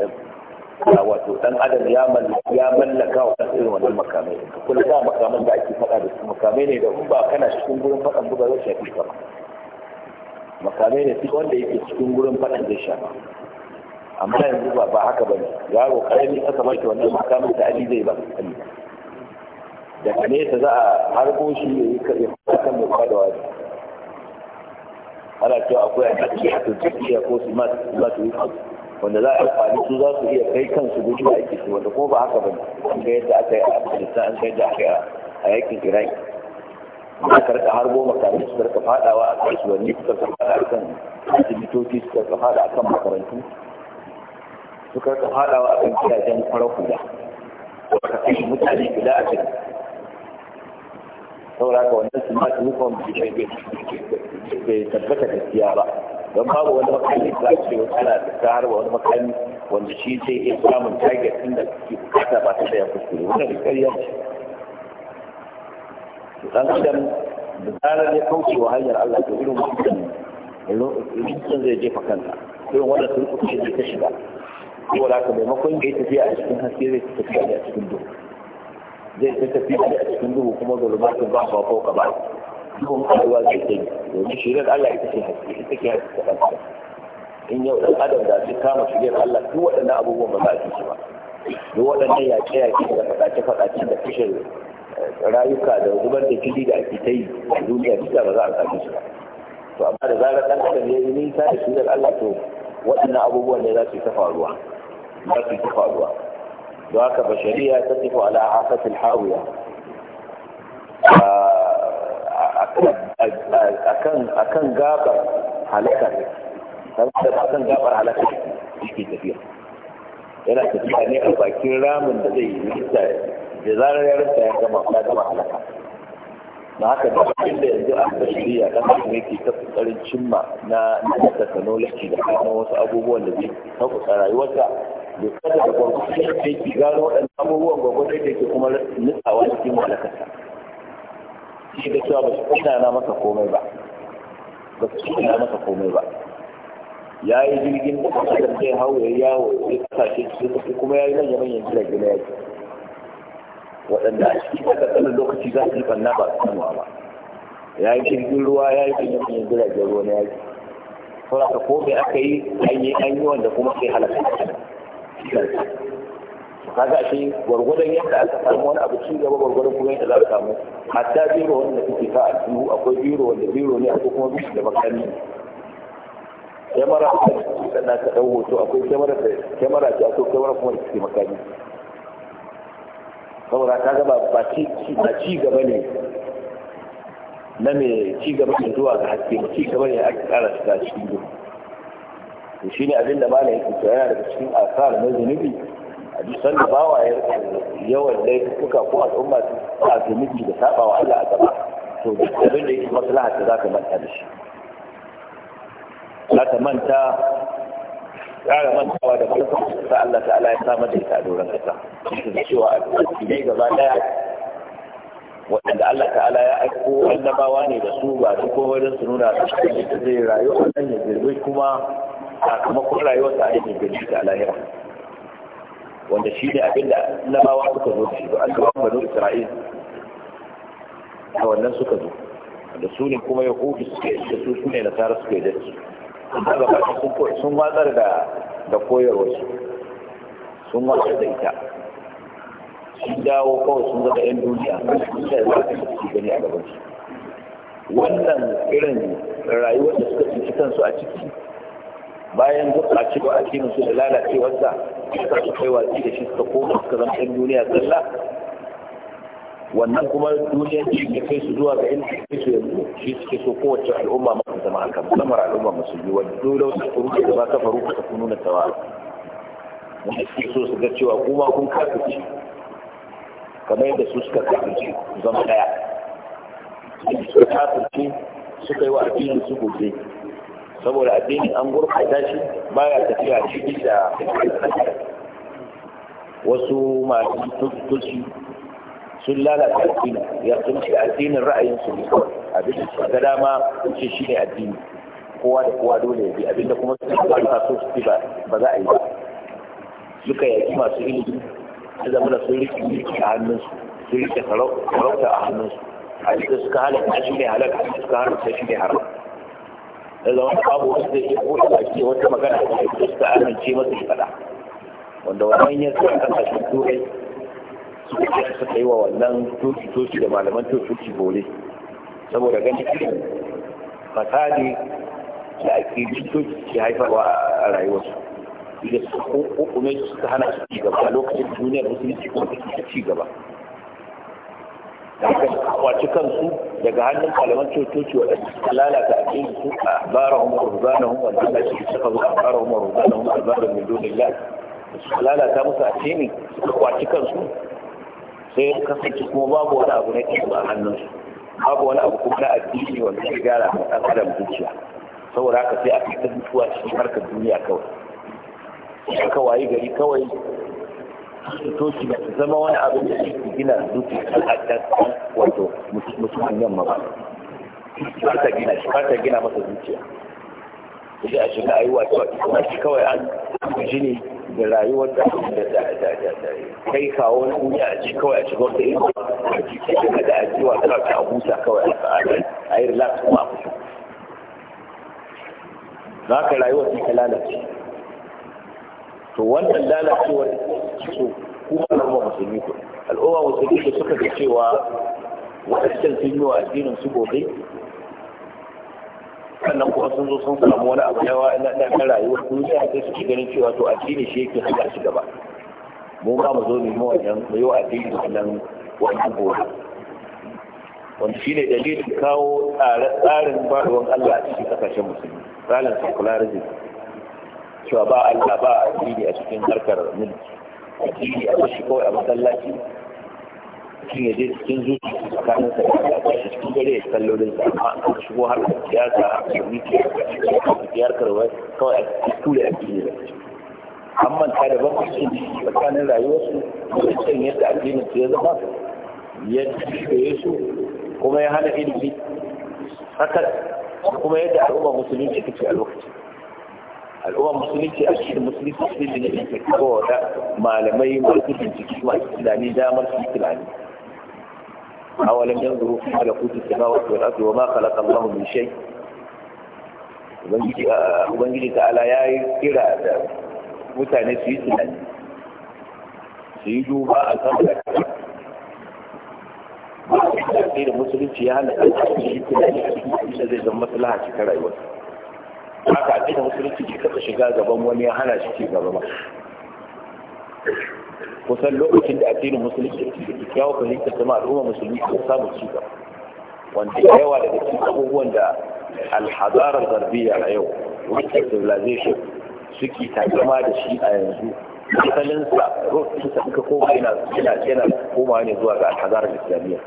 eh, wato dan adam ya mallaka ya mallaka wa kansa irin wannan makamai kula da makaman da ake faɗa da su makamai ne da in ba kana cikin gurin faɗan buga zai shafi ka ba makamai ne duk wanda yake cikin gurin faɗan zai shafa amma yanzu ba ba haka bane yaro karami aka bashi wannan makamai da ali zai ba daga nesa za a harbo shi ya yi karya kan mai kwadawa ana cewa akwai a cikin a turkiya ko su masu yi wanda za a amfani su za su iya kai kansu gudu da ake su wanda ko ba haka ba ne? an ga yadda aka yi a afghanistan an ga yadda aka yi a yakin iraki da karka harbo makarai su karka fadawa a kasuwanni su karka fada a kan asibitoci su karka fada a kan makarantu su karka fadawa a kan gidajen farar hula su karka kashe mutane guda a cikin saboda haka wannan su ma su hukun bai bai bai tabbata gaskiya ba don babu wani makami za a ce ana da tsar wani makami wanda shi sai iya samun target din da ke bukata ba ta da ya kuskure wannan da ƙarya ce dan adam da zarar ya kauce wa hanyar Allah to irin wannan rikicin zai jefa kanta irin wanda sun kuce zai ta shiga ko da ka maimakon ya tafiya a cikin haske zai tafiya a cikin duhu zai ta tafiya a cikin duhu kuma zulumatun ba ba ko ka ba duhun arewa zai ta yi domin shirin Allah ita ce haske ita ke haske ta ɗansa in yau ɗan adam da su kama shirin Allah duk waɗannan abubuwan ba za a ci su ba duk waɗannan yaƙe-yaƙe da faɗace-faɗace da fushin eh, rayuka da zubar da fili da ake ta yi a duniya duka ba za a sami su ba to amma da zarar ɗan adam ya yi nisa da shirin Allah to waɗannan abubuwan ne za su yi ta faruwa za su yi ta faruwa don haka bashariya ta tafi ala akasin hawiya ah, a kan gabar halakar a kan gabar halakar yake tafiya yana tafiya ne a bakin ramin da zai yi da zarar ya rinta ya gama ya gama halaka na haka da kuma inda yanzu a tashiriya kan kuma yake ta kokarin cimma na na lafi da kuma wasu abubuwan da zai ta kusa rayuwarsa da kada da gwagwata ke gano waɗannan abubuwan ke kuma nitsawa cikin halakarta. shi da cewa ba su kuna na masa komai ba ba su kuna na masa komai ba ya yi jirgin da kuma da zai hau ya yi yawo ya kasashe su kuma kuma ya yi manya manyan jirage na yaki waɗanda a cikin ƙasar lokaci za su yi ɓanna ba su samuwa ba ya yi jirgin ruwa ya yi manya manyan jiragen ruwa na yaki sauraka ko me aka yi an yi an yi wanda kuma sai halaka kaga ashe gwargwadon yadda aka samu wani abu ci gaba gwargwadon kuma yadda za a samu hatta biro wanda kake ka a cikin akwai biro wanda biro ne akwai kuma biro da makami kyamara a cikin sannan ka ɗau hoto akwai kyamara da kyamara ce akwai kyamara kuma da suke makami saboda ta gaba ba ci gaba ne na mai ci gaba ne zuwa ga haske ba ci gaba ne ake kara shiga cikin gudu to ne abin da malam yake cewa yana daga cikin asar na zunubi hadisan da ba wa yawan yawan suka ko al'umma ta zunubi da saba wa Allah a gaba to abin da yake maslaha ta zaka manta da shi za ta manta ƙara mantawa da kuma sa Allah ta'ala ya samar da ita a doron ƙasa shi da cewa a cikin gaba daya waɗanda Allah ta'ala ya aiko annabawa ne da su ba duk ko wajen su nuna su cikin da zai rayu a nan ya zirgin kuma sakamakon rayuwar ta ne da ta lahira wanda shi ne abinda labawa suka zo shi ba a gaba banu isra'il a wannan suka zo da su ne kuma yahudu suke da su su ne nasara suke da su amma gaba sun watsar da da su sun watsar da ita sun dawo kawai sun zama yan duniya sun da za su gani a gaban su wannan irin rayuwar da suka tsinci kansu a ciki bayan duk a cikin su da lalacewarsa ya sa kai yi watsi da shi suka koma suka zama ɗan duniya zalla wannan kuma duniyar ci da kai su zuwa ga yin kai su yanzu shi suke so kowace al'umma masu zama haka musamman al'umma yi wani dole wasu kuru da ba ta faru ta kununa tawa wanda suke so su ga cewa kuma kun kafirci kamar yadda su suka kafirci zama ɗaya suka kafirci suka yi wa addinin su gobe saboda addinin an gurɓata shi baya tafiya shi da wasu masu tuttuci sun lalata addini ya sun ce addinin ra'ayinsu ne abinda su ga dama ce shi ne addini kowa da kowa dole ya bi abinda kuma su ba sa so su ba ba za a yi ba suka yaki masu ilimi su zama da sun riƙe mulki a hannunsu sun riƙe sarauta a hannunsu A abinda suka halatta shi ne halaka suka haramta shi ne haram da zama da babu wani zai iya da ake wata magana da ya ta amince masa ya faɗa wanda wani ya sa kan kashin turai suka ce suka yi wa wannan toci-toci da malaman toci-toci bole saboda ganin kiran fasadi da ake jin toci ke haifarwa a rayuwarsu Idan su kuma suka hana su ci gaba lokacin duniyar musulunci kuma su ci gaba da aka kwaci kansu daga hannun malaman cococi waɗanda suka lalata a cikin su a bara umar rubana umar da shi suka zo a bara umar rubana umar bara mai dole ya suka lalata musu a cikin suka kwaci kansu sai kasance kuma babu wani abu na kiwo a hannunsu babu wani abu kuma na addini wanda ya gyara a ɗan adam zuciya saboda haka sai a fitar mutuwa cikin harkar duniya kawai aka wayi gari kawai su shi ba su zama wani abin da shi gina zuci al'adar wato musulman yamma ba ba ta gina shi ba ta gina masa zuciya sai a shiga a yi wato kuma shi kawai an guji ne da rayuwar da da kai kawo na duniya a ci kawai a shiga wata irin a ciki shiga da a ji wa ta a huta kawai a sa'adar a yi relax kuma a fito za ka rayuwar sai ka lalace to wannan lalacewar su kuma al'umma musulmi ku al'umma musulmi da suka ga cewa waɗancan sun yi wa addinin su gobe sannan kuma sun zo sun samu wani abu yawa na ɗan rayuwar duniya sai su ganin cewa to addini shi yake haɗa shi gaba mu ma mu zo mu yi wannan mu yi wa addini wannan wannan gobe wanda shine dalilin kawo tsarin baruwan Allah a cikin kasashen musulmi tsarin secularism cewa ba Allah ba addini a cikin harkar mulki addini a bashi kawai a masallaci mutum ya je cikin zuci tsakanin sa da Allah shi cikin gare ya sallolin sa amma an shigo harkar siyasa a mulki a cikin harkar wai kawai a tura addini da an manta da bambancin tsakanin rayuwarsu da can yadda addinin su ya zama yadda ya su kuma ya hana ilimi haka kuma yadda al'umma musulunci take a lokacin al'umma musulunci a cikin musulunci shi ne ne ke kowa da malamai masu bincike masu tunani damar su tunani awalan yanzu ala kuti samawati wal ardi wama khalaqa Allah min shay ubangiji ubangiji ta'ala yayi kira da mutane su yi tunani su yi duba a kan da ba da musulunci ya hana kan shi tunani a cikin da zai zama maslaha cikin rayuwarsa haka a cikin musulunci ke kasa shiga gaban wani ya hana shi ci gaba ba kusan lokacin da addinin musulunci ke kyakkyawa fahimtar zama al'umma musulmi da samun ci gaba wanda da yawa daga cikin abubuwan da alhazarar garbiya a yau wacce civilization suke takama da shi a yanzu asalinsa rokinsa suka koma yana yana koma ne zuwa ga alhazarar islamiyya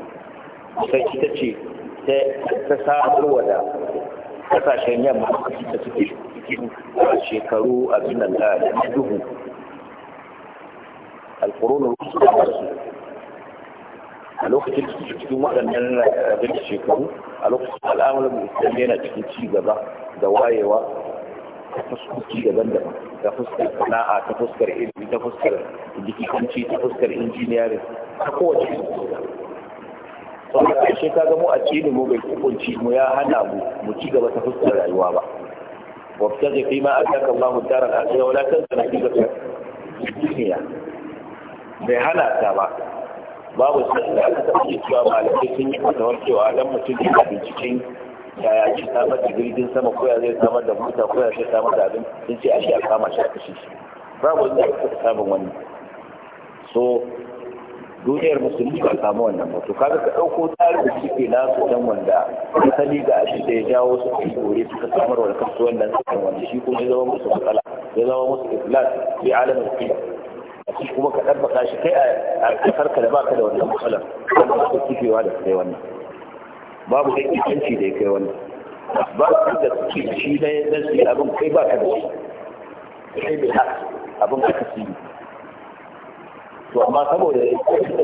kusan ita ce ta samarwa da kasashen yamma da suke cikin shekaru a nan da duhu alkuronu a lokacin da suke cikin waɗannan eh, abin shekaru a lokacin al'amuran musulmi yana cikin ci gaba da wayewa ta fuskoki daban-daban ta fuskar sana'a ta fuskar ilimi ta fuskar jikikanci ta fuskar injiniyarin, ta kowace fuskar to a ƙarshe ka a ce addinin mu bai kunci mu ya hana mu mu ci gaba ta fuskar rayuwa ba وابتغ فيما اتاك الله الدار الاخره ولا تنس نصيبك duniya. bai hana ta ba babu da aka taɓa yi cewa malamai sun yi fatawar cewa dan mutum yana binciken yaya ake samar da jirgin sama ko ya zai samar da mota ko ya zai samar da abin sun ce ashe a kama shi a kashe shi babu wanda aka taɓa samun wani so duniyar musulmi ba samu wannan ba to kaga ka dauko tsarin da suke na su dan wanda asali ga abin da ya jawo su kai gore suka samar wa kansu wannan sakan wanda shi kuma ya zama musu matsala ya zama musu iflas bi alamin kiyam shi kuma ka baka shi kai a kasar ka da baka da wannan matsalar kuma ba kifewa da kai wannan babu da kifanci da ya kai wannan ba su da shi na yanzu abin kai ba ka da shi kai bai haka abin aka sini to amma saboda da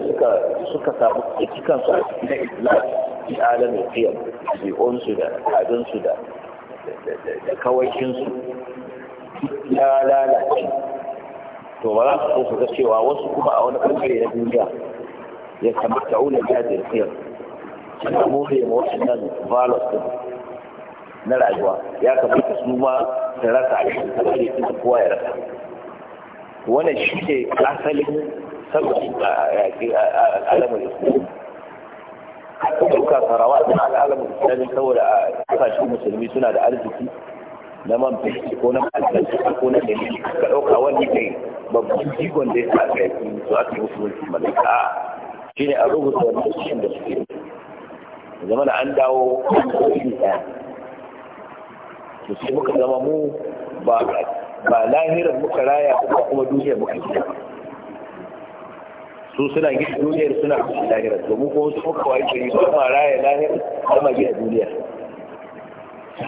suka suka samu cikin su na islam fi alamin qiyam bi'un su da hadin su da da kawakin su ya lalace to ba za su so su ga cewa wasu kuma a wani bangare na duniya ya kamata ulul jadir qiyam suna more ma waɗannan valos din na rayuwa ya kamata su ma da rasa a cikin kawai da kowa ya rasa wannan shi ne asalin sabbi a alamun islam haka duka sarawa suna al'alamun islami saboda a kasashen musulmi suna da arziki na man fiski ko na alƙalci ko na dalili ka ɗauka wani ne babban jigon da ya sa ka yi su a cikin musulunci malaka shi ne a rubuta wani cikin da suke zama na an dawo kan kofi ɗaya to sai muka zama mu ba lahirar muka raya kuma duniyar muka gina su suna gina duniyar suna kashe lahirar domin kuma su kuka wani yi ba ma raya lahirar ma gina duniyar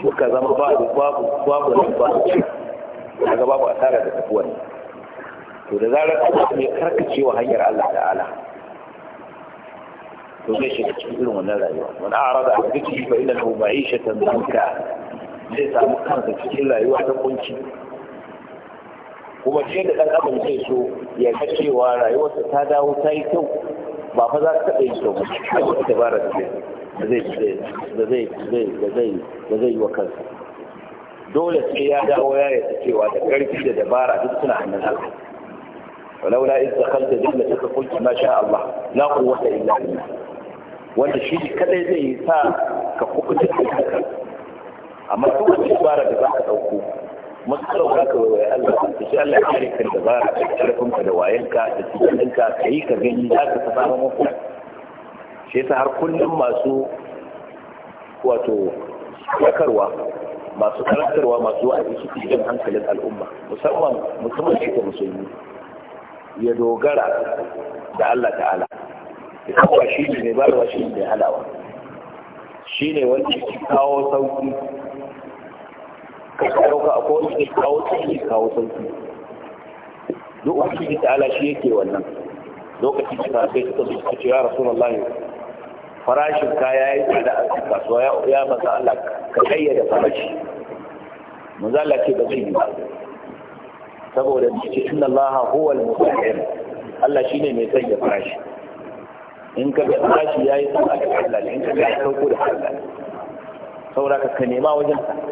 suka zama babu babu babu nan babu ci daga babu asara da tafi ne to da zarar Allah ne karkace wa hanyar Allah da Allah to zai shiga cikin irin wannan rayuwa wani arada a aka shi ba ina lahu ma'ishatan zanka zai samu kansa cikin rayuwa ta kunci kuma ce da ɗan abin zai so ya ga cewa rayuwarsa ta dawo ta yi kyau ba fa za ta taɓa yi kyau ba a wata dabara da zai zai yi wa kansa dole sai ya dawo ya yi cewa da ƙarfi da dabara duk suna hannun Allah kanta duk da suka قلت ma sha Allah لا قوة illa بالله wanda shi kadai zai sa ka kuka da amma duk wani dabara da za ka ɗauko matsalar ka ka wai Allah ta shi Allah ya rika da ba da karfin ka da wayanka da cikin ka yi ka gani za ka ta samu mafita shi yasa har kullum masu wato sakarwa masu karantarwa masu wa'azi cikin jin hankalin al'umma musamman musamman shi ta musulmi ya dogara da Allah ta'ala ya kawo shi ne ba da shi ne halawa shi ne wanda ke kawo sauki ka ɗauka a kowace ne kawo sauki kawo sauki duk ubangiji ta'ala shi yake wannan lokacin da sahabbai suka zo suka ce ya rasulullahi farashin kaya ya yi tsada a cikin kasuwa ya maza Allah ka kayyada farashi manzo Allah ce ba zai yi ba saboda ce inna Allah huwa al-musahhir Allah shi ne mai sanya farashi in ka ga farashi yi tsada da Allah in ka ga ya sauko da Allah saboda ka nema wajen sa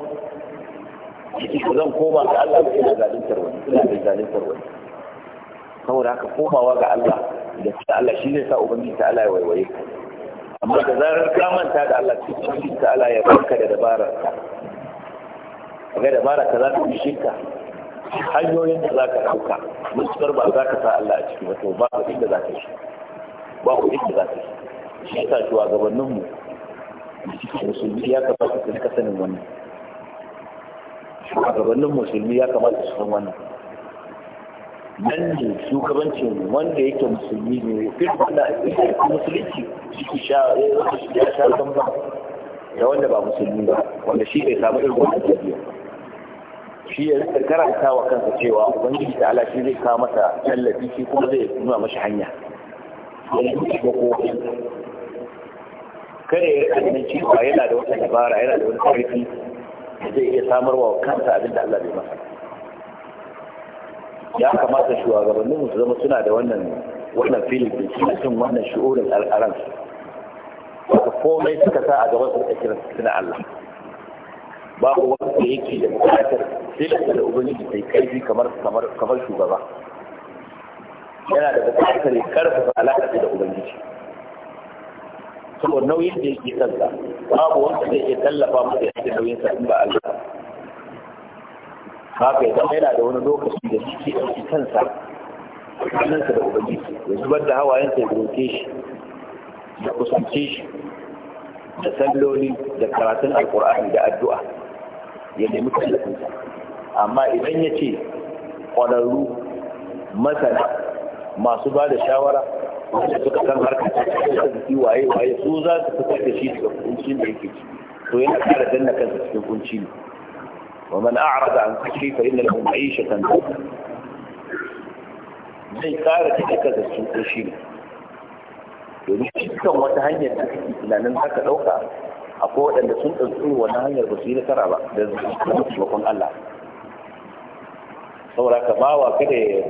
ko zan koma ga Allah ba ina zaluntar wani ina da zaluntar wani saboda haka komawa ga Allah da ta Allah shi ne sa ubangiji ta Allah ya waiwaye ka amma da zarar ka manta da Allah shi ubangiji ta Allah ya baka da dabarar ka ga dabara ka za ta bishe ka hanyoyin da za ka ɗauka mutukar ba za ka sa Allah a ciki wato ba ku inda za ka shi ba ku inda za ka shi shi ya sa shugabanninmu da cikin musulmi ya kamata su rika sanin wannan shugabannin musulmi ya kamata su san wannan nan ne shugabancin wanda yake musulmi ne fit wanda musulunci shi sha eh, ya sha bambam da wanda ba musulmi ba wanda shi bai samu irin wannan tafiya shi ya rika karanta wa kansa cewa ubangiji da ala shi zai kawo masa tallafi shi kuma zai nuna mashi hanya yana da kokoki kare ya rika ganin cewa yana da wata dabara yana da wani karfi zai iya samar wa kansa abin da Allah bai masa ya kamata shugabanninmu su zama suna da wannan wannan filin da suna cin wannan shi'urin al'aran wata komai suka sa a gaban su tsakiyar suna Allah babu wanda yake da buƙatar filin da ubangiji sai kaifi kamar kamar kamar shugaba yana da bukatar ya karfafa alaƙa da ubangiji saboda nauyin da yake sassa, babu wanda zai iya tallafa masa ya ce nauyin sa ba Allah haka ya zama yana da wani lokaci da shi ke ɗauki kansa kansa da ubangiji ya zubar da hawayensa ya roke shi da kusance shi da salloli da karatun alkur'ani da addu'a ya nemi tallafinsa amma idan ya ce ƙwararru masana masu ba da shawara wanda suka san harkar arziki waye waye su za su fitar da shi daga kuncin da yake ci to yana kara danna kansa cikin kunci ne wa man a'rada an zikri fa inna lahu ma'ishatan zai kara take kansa cikin kunci ne domin dukkan wata hanyar da kake tunanin haka dauka akwai waɗanda sun ɗauki wannan hanyar ba su yi nasara ba da zuwa taimakon Allah saboda ka bawa kada ya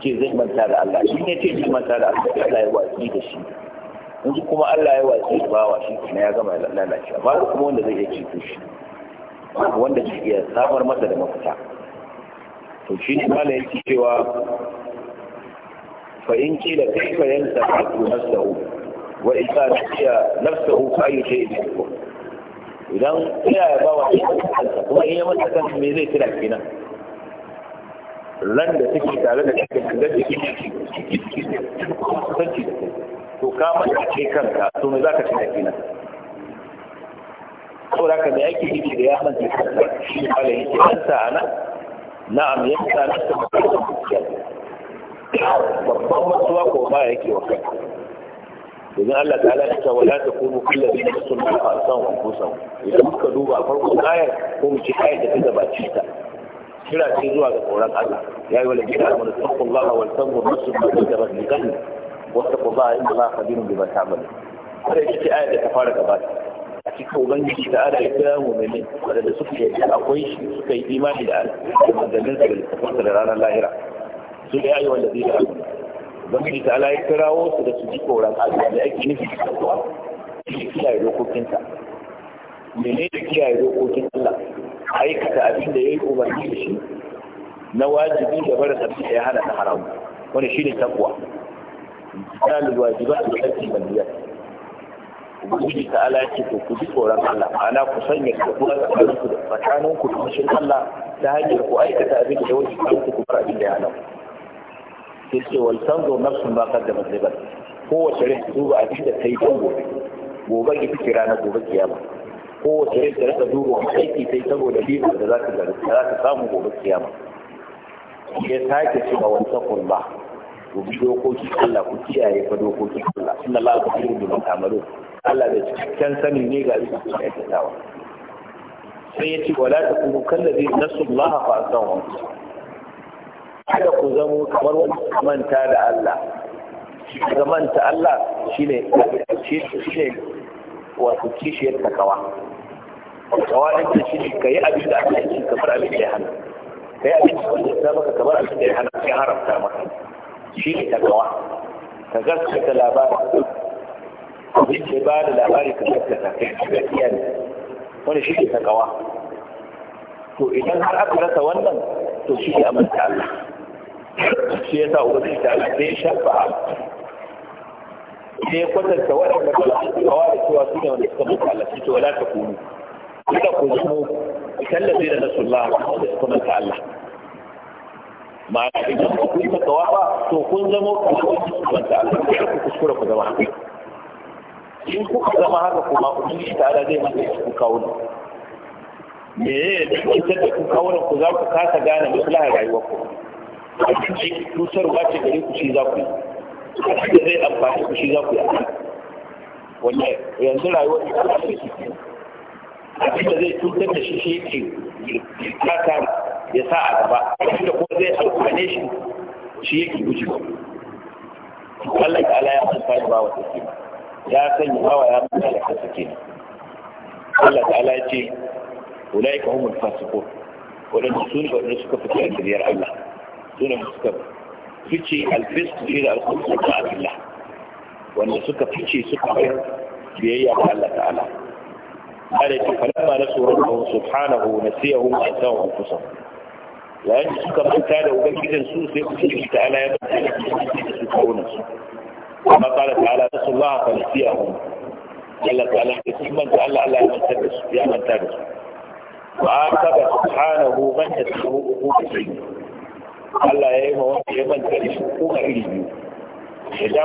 ce zai manta da Allah shi ne ce zai manta da Allah Allah ya watsi da shi in kuma Allah ya watsi da bawa shi kuma ya gama lalacewa ba kuma wanda zai iya ceto shi wanda zai iya samar masa da mafita to shi ne mala yake cewa fa in ka kaifa yansafu nafsahu wa in kana iya nafsahu fa ayu shay'in yakun idan ya ba wa kansa kuma in ya masa kansa me zai tira kenan ran da take tare da cikin da kike kusanci da cikin to ka mata kai kanka to me zaka ci da ko da ka da yake yake da ya manta shi ne kala yake an sa ana na'am ya sa na ta babban mutuwa ko ba yake wa kanka idan Allah ta'ala ya ce wala takunu kullabi nasun bi asan wa kusan idan muka duba farkon ayar ko mu ci ayar da ta gabace ta kira ce zuwa ga tsoron Allah ya yi wala gida amanu taqullaha wal tanzur nafsun ma qaddamat li ghadin wa taqullaha inna da khabirun bima ta'malun kada yake ayat da ta fara gabata a cikin ubangiji da ala ya kira mu'minin wadanda suka yi akwai shi suka yi imani da Allah manzannin sa da littafin da ranar lahira su ya yi da gida amanu ubangiji ta ala ya kirawo su da su ji tsoron Allah da yake nufi da tsoron shi kiyaye dokokinsa menene kiyaye dokokin Allah aikata abin da ya yi umarni da shi na wajibi da barin abin da ya hana ta haramu wani shi ne takwa misalin wajiba da ɗarki bandiyar ubangiji ta ala ce to ku ji tsoron Allah ana ku sanya kafuwa tsakanin da tsakaninku da tushen Allah ta hanyar ku aikata abin da ya wuce ku ku bar abin da ya hana sai ce wal tanzo nafsun ba kadda mazlibat kowace rai duba abin da ta yi don gobe gobe fi ce ranar gobe kiyama kowace yadda ta rika duba wani aiki sai saboda ribar da za ta za ta samu gobe kiyama ya sake a wani takun ba ku bi dokokin Allah ku kiyaye fa dokokin Allah inna Allah basirun bima ta'malun Allah da cikakken sani ne ga abin da aikatawa sai ya ci wala ta kuma kallabi nasu Allah fa asan kada ku zamo kamar wani manta da Allah ga manta Allah shine shine wato kishiyar takawa kawalin da shi ka yi abin da aka yi kamar abin da ya hana ka yi abin da ya ta maka kamar abin da ya hana ya haramta maka shi ne ta gawa ka gaskata labarin abin da ba da labari ka gaskata ka yi gaskiya ne wani shi ne ta gawa to idan har aka rasa wannan to shi ne amanta Allah shi ya sa ubangiji ta Allah sai ya shafa sai ya kwatanta waɗanda ba su kawa da cewa su ne wanda suka mutu Allah shi to wala ta kunu kada ku zamo tallafi da Rasulullah da sunan ta Allah ma'ana idan ku yi takawa ba to kun zamo kalmar sunan ta Allah kada ku kuskura ku zama haka in kuka zama haka kuma ubangiji ta Allah zai maka ku kawo ne me ya yi cutar da ku kawo ku za ku kasa gane maslahar rayuwar ku A cikin yake cutarwa ce gare ku shi za ku yi abin da zai amfani ku shi za ku yi wanda yanzu rayuwar ta ce abin da zai cutar da shi shi ke kaka ya sa a gaba abin da kuma zai amfane shi shi yake guji ba Allah ta'ala ya san amfani ba wa take ya sanya bawa ya mutu da kansa kenan Allah ta'ala ya ce ulaika humul fasiqun wadanda su ne wadanda suka fita da kariyar Allah su ne suka fice alfisq ila alqur'an ta'ala wanda suka fice suka bayar biyayya ga Allah ta'ala عليك فلما نسوا ربه سبحانه ونسيهم وانساه أنفسهم لأن سكا من كان أبكر سوء سيكون تعالى يبكر كما قال تعالى نسوا الله فنسيهم جل تعالى من تعالى على من تبس يا من تبس وعاقب سبحانه من يسوء أبكر الله يهيما وانت يمن تبس أبكر من إذا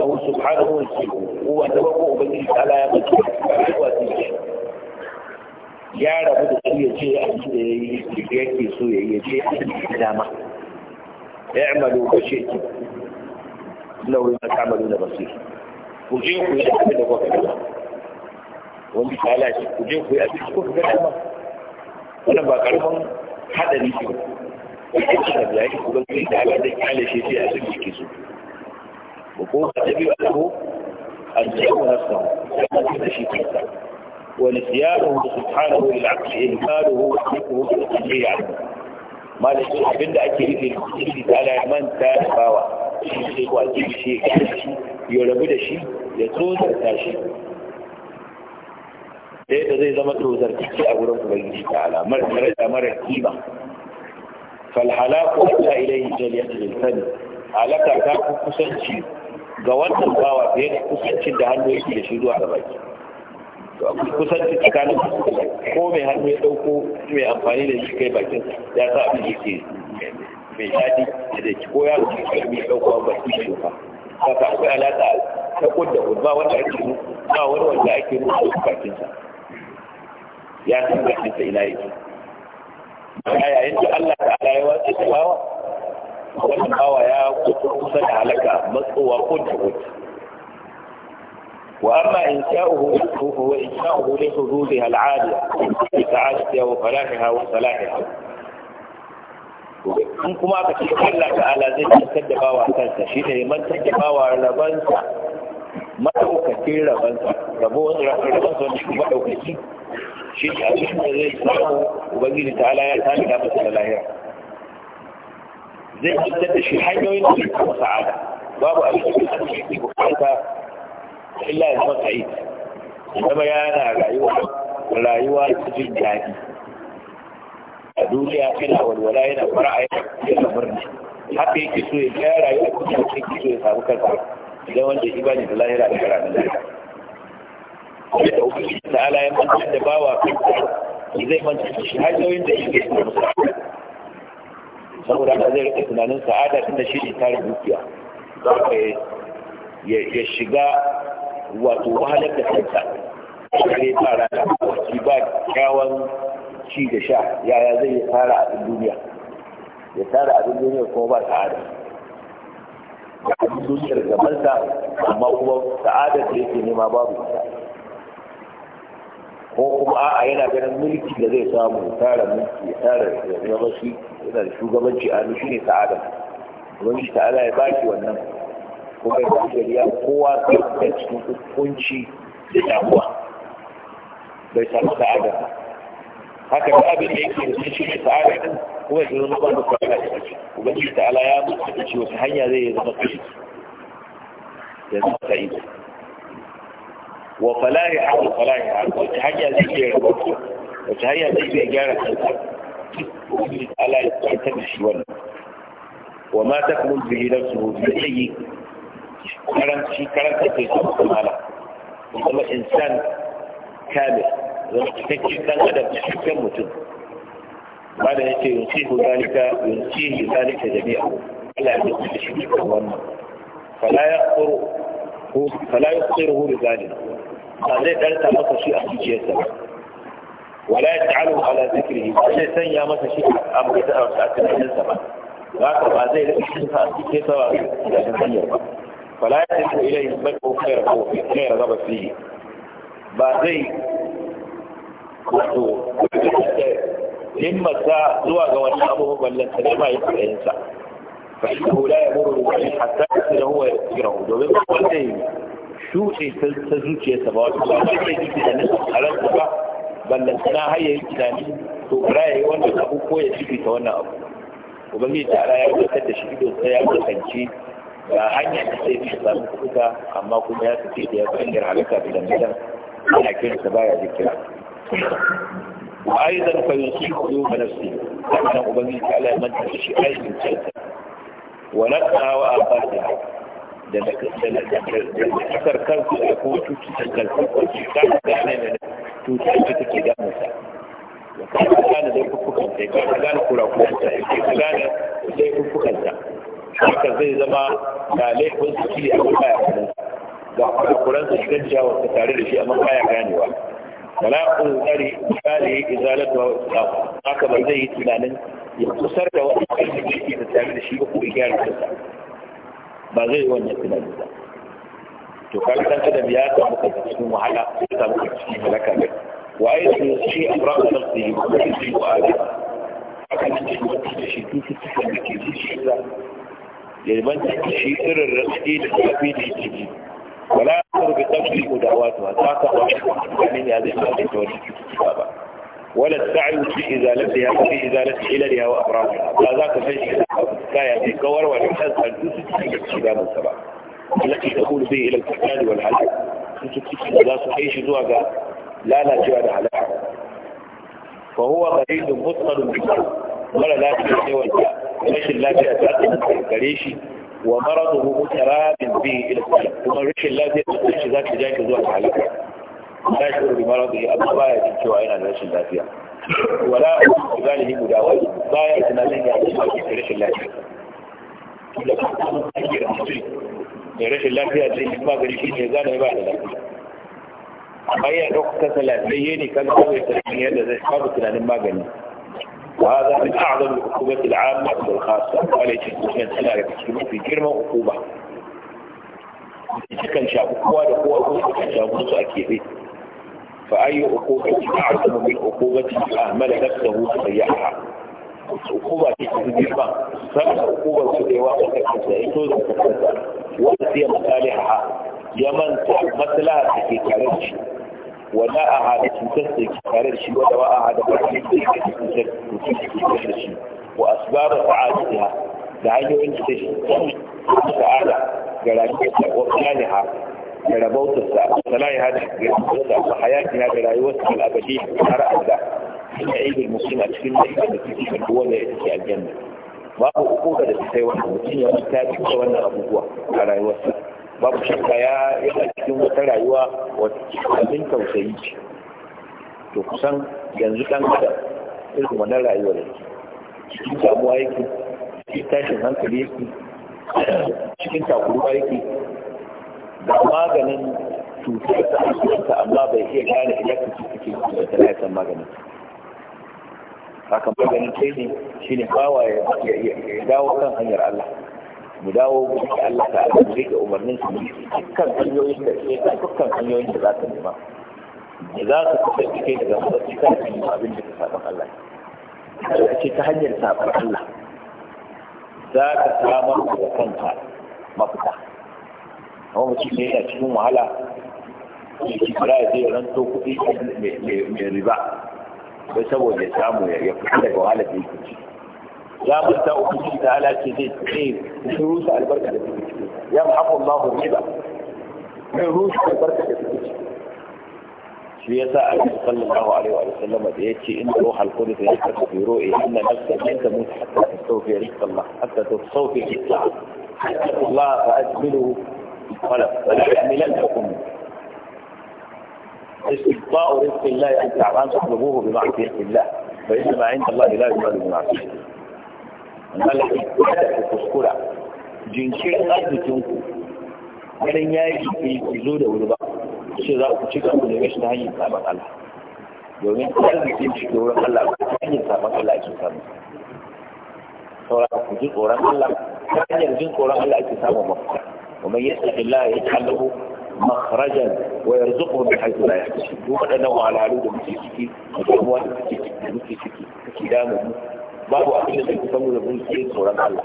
هو سبحانه ونسيه هو أنه هو أبكر تعالى يبكر ya rabu da su ya ce abin da ya yi yake so ya yi ce a dama ya yi amalu ba shi ki lauyi na kamalu da basir ku je ku yi abin da kuka gaba wani kala shi ku je ku yi abin da kuka gaba wani ba karamin hadari ne wani kala da ya yi kuma zai da ala da kyale shi ce a sun ke so ba ko ka tabi wa alahu an ce wa nasa ya ta shi kansa ونسيانه سبحانه للعقل إنكاره وحكمه بالتشريع ما da shi abin da ake rufe shi ta ala ya manta da shi sai kwaci shi ya rabu da shi ya tozarta shi da zai zama tozartacce a wurin ubangiji ta ala mara mara kima falhalaku ta ilayhi jaliyatul insani alaka ta kusanci ga wannan bawa fiye da kusancin da hannu da shi zuwa kusan tsakanin ko mai hannu ya dauko mai amfani da shi kai bakin ya sa abin da yake mai shadi da da ko ya shi karbi dauko a bakin shi ba haka akwai alaka ta kudda ba wanda ake ru ba wani wanda ake ru a bakin sa ya san bakin sa ina yake ba yayin da Allah ta'ala ya ta bawa wannan bawa ya kusa da halaka matsowa ko da wata وأما إنشاؤه هو إنشاؤه لحدودها العالية لسعادتها وفلاحها وصلاحها in kuma aka ce Allah ta'ala zai tattar da bawa kansa shi ne man tattar bawa rabansa maɗaukakin rabansa rabo wani rabansa wani shi maɗaukaki shi ne abin da zai samu ubangiji ta'ala ya tani da masa da lahira zai tattar da shi hanyoyin da ke kuma sa'ada babu abin da ke sa'ada illa ya zama sa'id zama yana rayuwa rayuwa ta jin daɗi a duniya yana walwala yana fara'a yana yana murna haka yake so ya kaya rayuwa kuma yake so ya samu kansa idan wanda ibani da lahira da kara da lahira da ubangiji ta'ala ya manta da bawa kanta zai manta shi hanyoyin da yake so musa saboda haka zai rika tunanin sa'ada tunda shi ne tarin dukiya za ka ya shiga wato wahalar da kanta kare ba rana shi ba kyawun ci da sha yaya zai ya tara abin duniya ya tara abin duniya kuma ba sa'ada da abin duniyar gabansa amma kuma sa'ada da yake nema babu ita ko kuma a'a yana ganin mulki da zai samu ya tara mulki ya tara ya zama yana da shugabanci a shi ne sa'ada ubangiji ta'ala ya baki wannan kuma ya zafi ya kowa da cikin hukunci da damuwa bai samu sa'ada ba haka da abin da yake da shi mai sa'ada din kuma ya zama ba da sa'ada da shi ubangiji ala ya mutu da shi wata hanya zai yi zama kashi ya ta sa'ida wa falahi haɗu falahi haɗu wata hanya zai iya rubutu wata hanya zai iya gyara kansa ubangiji ala ya kwantar da shi wannan وما تكمل به نفسه في أي karanci karanta kai su kamala ya zama insan kamil zama cikakken dan adam cikakken mutum ba da yake yunci hu zalika yunci hu da biya Allah ya yi da shi kan wannan fala ya yaqru hu fala yaqru bi zalika ba zai dalta masa shi a zuciyarsa wala ya ta'alu ala dhikrihi ba zai sanya masa shi a mutunta a tunaninsa ba ka ba zai rike shi a cikin sawa da hanyar ba fala ya tafi ilai mai kokayar kofi ne ya raba fiye ba zai wato himmata zuwa ga wani abubuwan ballon ta nema ya tsayinsa fa inna hu la yamuru bi shay'in hatta da huwa ya yasirahu domin ba wanda ya shuce ta zuciyarsa ba wato ba zai yi tunanin halar ba ballan na har yi tunani to bara yi wannan abu ko ya ta wannan abu ubangiji ta ala ya fitar da shi ido sai ya kasance ga hanyar da sai fi samu kuka amma kuma ya tafi da ya fahimtar halaka da dangadan ana kiransa baya zikira wa aidan fa yusiku yu nafsi kana ubangiji ta Allah ya da shi aikin cinta wa laqa wa afata da da kasar kansu da kuma cutar kansu ko shi ka gane ne cutar da take damun sa ya ka gane da kuka kanta ya ka gane kurakuranta ya ka gane da kuka haka zai zama da laifin su shi a baya kanan da kuran su shigar jawo ta tare da shi amma baya ganewa wala ƙoƙari misali izalar da wasu haka ba zai yi tunanin ya kusar da wani ƙarfi da ke tattare da shi ba ko gyara kansa ba zai yi wannan tunanin ba to kan san adam ya samu kansa cikin wahala ya samu kansa cikin halaka ne wa ai su shi amran da su yi ko su yi wa ala haka ne shi da shi duk cikin da ke zuciya لمن تشير الرسكي لكي تجيبه ولا أكثر بتفسي مدعواتها ساكا وشكا من هذه الناس التوليك الكتابة ولا السعي في إزالتها في إزالت حللها وأبرامها فذاك فجي الحكايه في كور والحز أن تتكي الكتابة السبع التي تقول به إلى الكتاب والحل تتكي لا صحيح زوجة لا لا جواد على حق فهو غريد مصطل من mara lafiya ne wanda rashin lafiya ta tsananta gare shi wa maraduhu mutarabin bi ila salam kuma rashin lafiya ta shi za ta ja zuwa ga halaka la shi bi maradihi amma baya jin cewa yana da rashin lafiya wala galihi mudawai baya tunanin ya yi rashin lafiya da kuma kira mutum mai rashin lafiya zai yi magani shi ne gane ba da lafiya amma yana ɗaukar kasa lafiyayye ne kan kawai tarihin yadda zai babu tunanin magani وهذا من أعظم العقوبات العامة والخاصة وليس المسلمين سنة المسلمين في جرم وعقوبة كان شاب قوة لقوة كان شافوا أكيد فأي عقوبة أعظم من عقوبة أهمل نفسه وضيعها عقوبة تجربة سبب عقوبة في سديوة وتكسيتوز وتكسيتوز وتسير مصالحها يمن مثلها في كارثة Wani aha da cutar da ke tare da shi wata ba a hada farkin da ke cutar cutar da shi wa asbaba sa'adatiha da hanyoyin da shi sa'ada ga rayuwarsa wa tsaniha da rabautarsa salahiha da rayuwarsa wa hayatiha da rayuwarsa al'abadi har abada ina aibin musulma cikin da da suke karɓi wanda ya take aljanna babu uku da ta kai wannan mutum ya mutu ta wannan abubuwa a rayuwarsa babu shakka ya yana cikin wata rayuwa wata cikin tausayi ce to kusan yanzu ɗan adam irin wannan rayuwar yake cikin damuwa yake cikin tashin hankali yake cikin takuruwa yake da maganin cutar ta ake amma bai iya gane idan ka cikin cutar ta san maganin haka maganin kai ne ne bawa ya dawo kan hanyar Allah mu dawo mu ci Allah ta Allah mu rike umarnin su dukkan hanyoyin da ke dukkan hanyoyin da za ka nema da za ka kusa cike daga mafi kan hanyoyin abin da ka saba Allah Allah ce ta hanyar saban Allah za ka samar da kanka mafita amma mutum ne yana cikin wahala ya ci fara ya zai ranto kuɗi mai riba sai saboda ya samu ya fita daga wahalar da yake ciki لا بد أن تجد على كذب كيف على البركة في يمحق الله الربا على البركة في كتبه في صلى الله عليه وآله وسلم يأتي إن روح القدس يكتب في رؤي إن نفسك أنت موت حتى تستوفي رزق الله حتى تستوفي رزق الله حتى تستوفي الله فأجمله القلب ولا يحملن حكمه استقطاع رزق الله أن تعبان تطلبوه بمعصية الله فإنما عند الله لا يقبل بمعصية الله malaki kada ku kuskura jinkirin arzikinku wadan ya yi jinkiri ku zo da wuri ba ce za ku ci ku da rashin hanyar saman Allah domin arzikin shi da wurin Allah ba hanyar saman Allah ake samu saura ku ji tsoron Allah ta hanyar jin tsoron Allah ake samun mafita kuma yadda Allah ya kallahu مخرجا ويرزقه من حيث لا يحتسب وقد نوع على da muke ciki, مسكتي مسكتي babu abin da zai kusa mu da mun sai tsoron Allah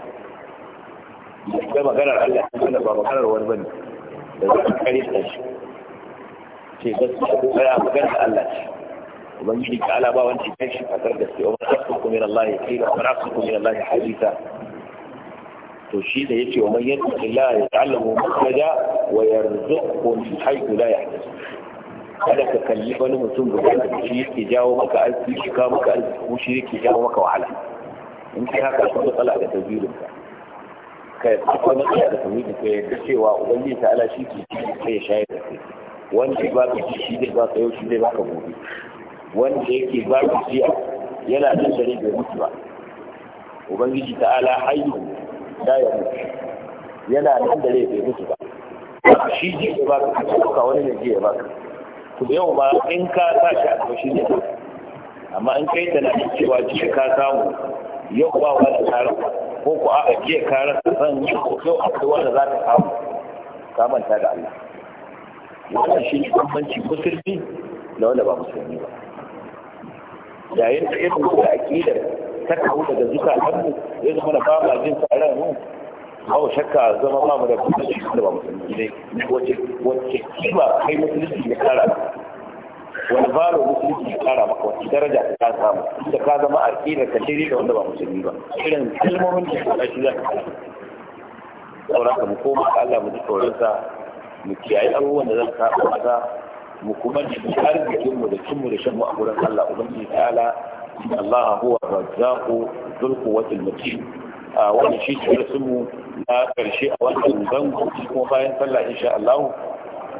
da maganar Allah tana ba maganar wani bane da za ka kare ta shi ce gaskiya ko kai maganar Allah ce ubangiji ta ala ba wanda kai shi fakar gaskiya wa asfuku min Allah ya kira wa asfuku min Allah hadisa to shi da yake wa man yattaqi Allah ya ta'allamu makhraja wa yarzuqhu min haythu la yahtasib kada ka kalli wani mutum da da shi yake jawo maka arziki shi kawo maka arziki ko shi yake jawo maka wahala in kai haka akwai tsala da tazirin ka kai akwai matsala da tazirin ka yadda cewa ubangiji ta ala shi ke kai ya shayar da kai wanda ba ka ci shi zai ba ka yau shi zai ba ka gobe wanda yake ba ka jiya yana nan da bai mutu ba ubangiji ta ala hayyu da ya mutu yana nan da bai mutu ba shi ji ya ba ka ka wani ne ji ya ba ka to yau ma in ka sa shi a kashi ne amma in kai tunanin cewa jiya ka samu yau ba wa da ko ku a jiya ka rasa san yau kai wanda za ka samu ka manta da Allah wannan shi ne bambanci musulmi da wanda ba musulmi ba yayin da irin da aƙidar ta kawo daga zuka hannu ya zama da ba ma jin sa mu babu shakka zama ba mu da musulunci da ba mu musulunci ne Wace wacce kima kai musulunci ya kara wani baro musulunci ya kara maka wacce daraja ka samu inda ka zama a kira ka shiri da wanda ba musulmi ba irin kalmomin da ka shi za ka kara saboda ka mu koma ka Allah mu ji tsoronsa mu kiyaye abubuwan da zan saba masa mu kuma ji arzikin mu da cin mu da shan mu a gurin Allah ubangiji ta'ala Allah huwa razzaqu dhul quwwatil matin a wani shi ke mu na karshe a wannan zango kuma bayan sallah insha Allah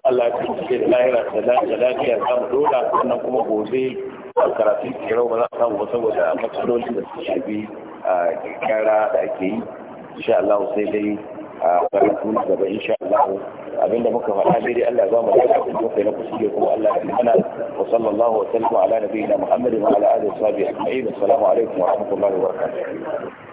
Allah ya kasance da lahira da lafiya za mu dora sannan kuma gobe a karatun kirau ba za a samu saboda matsalolin da su shafi a kyara da ake yi insha Allah sai dai a karatu gaba insha Allah abinda muka faɗa daidai Allah ba mu da kuma kai na kuskure kuma Allah ya mana wa sallallahu wa sallam ala nabiyina Muhammadin wa ala alihi wa sahbihi ajma'in assalamu alaikum wa rahmatullahi wa barakatuh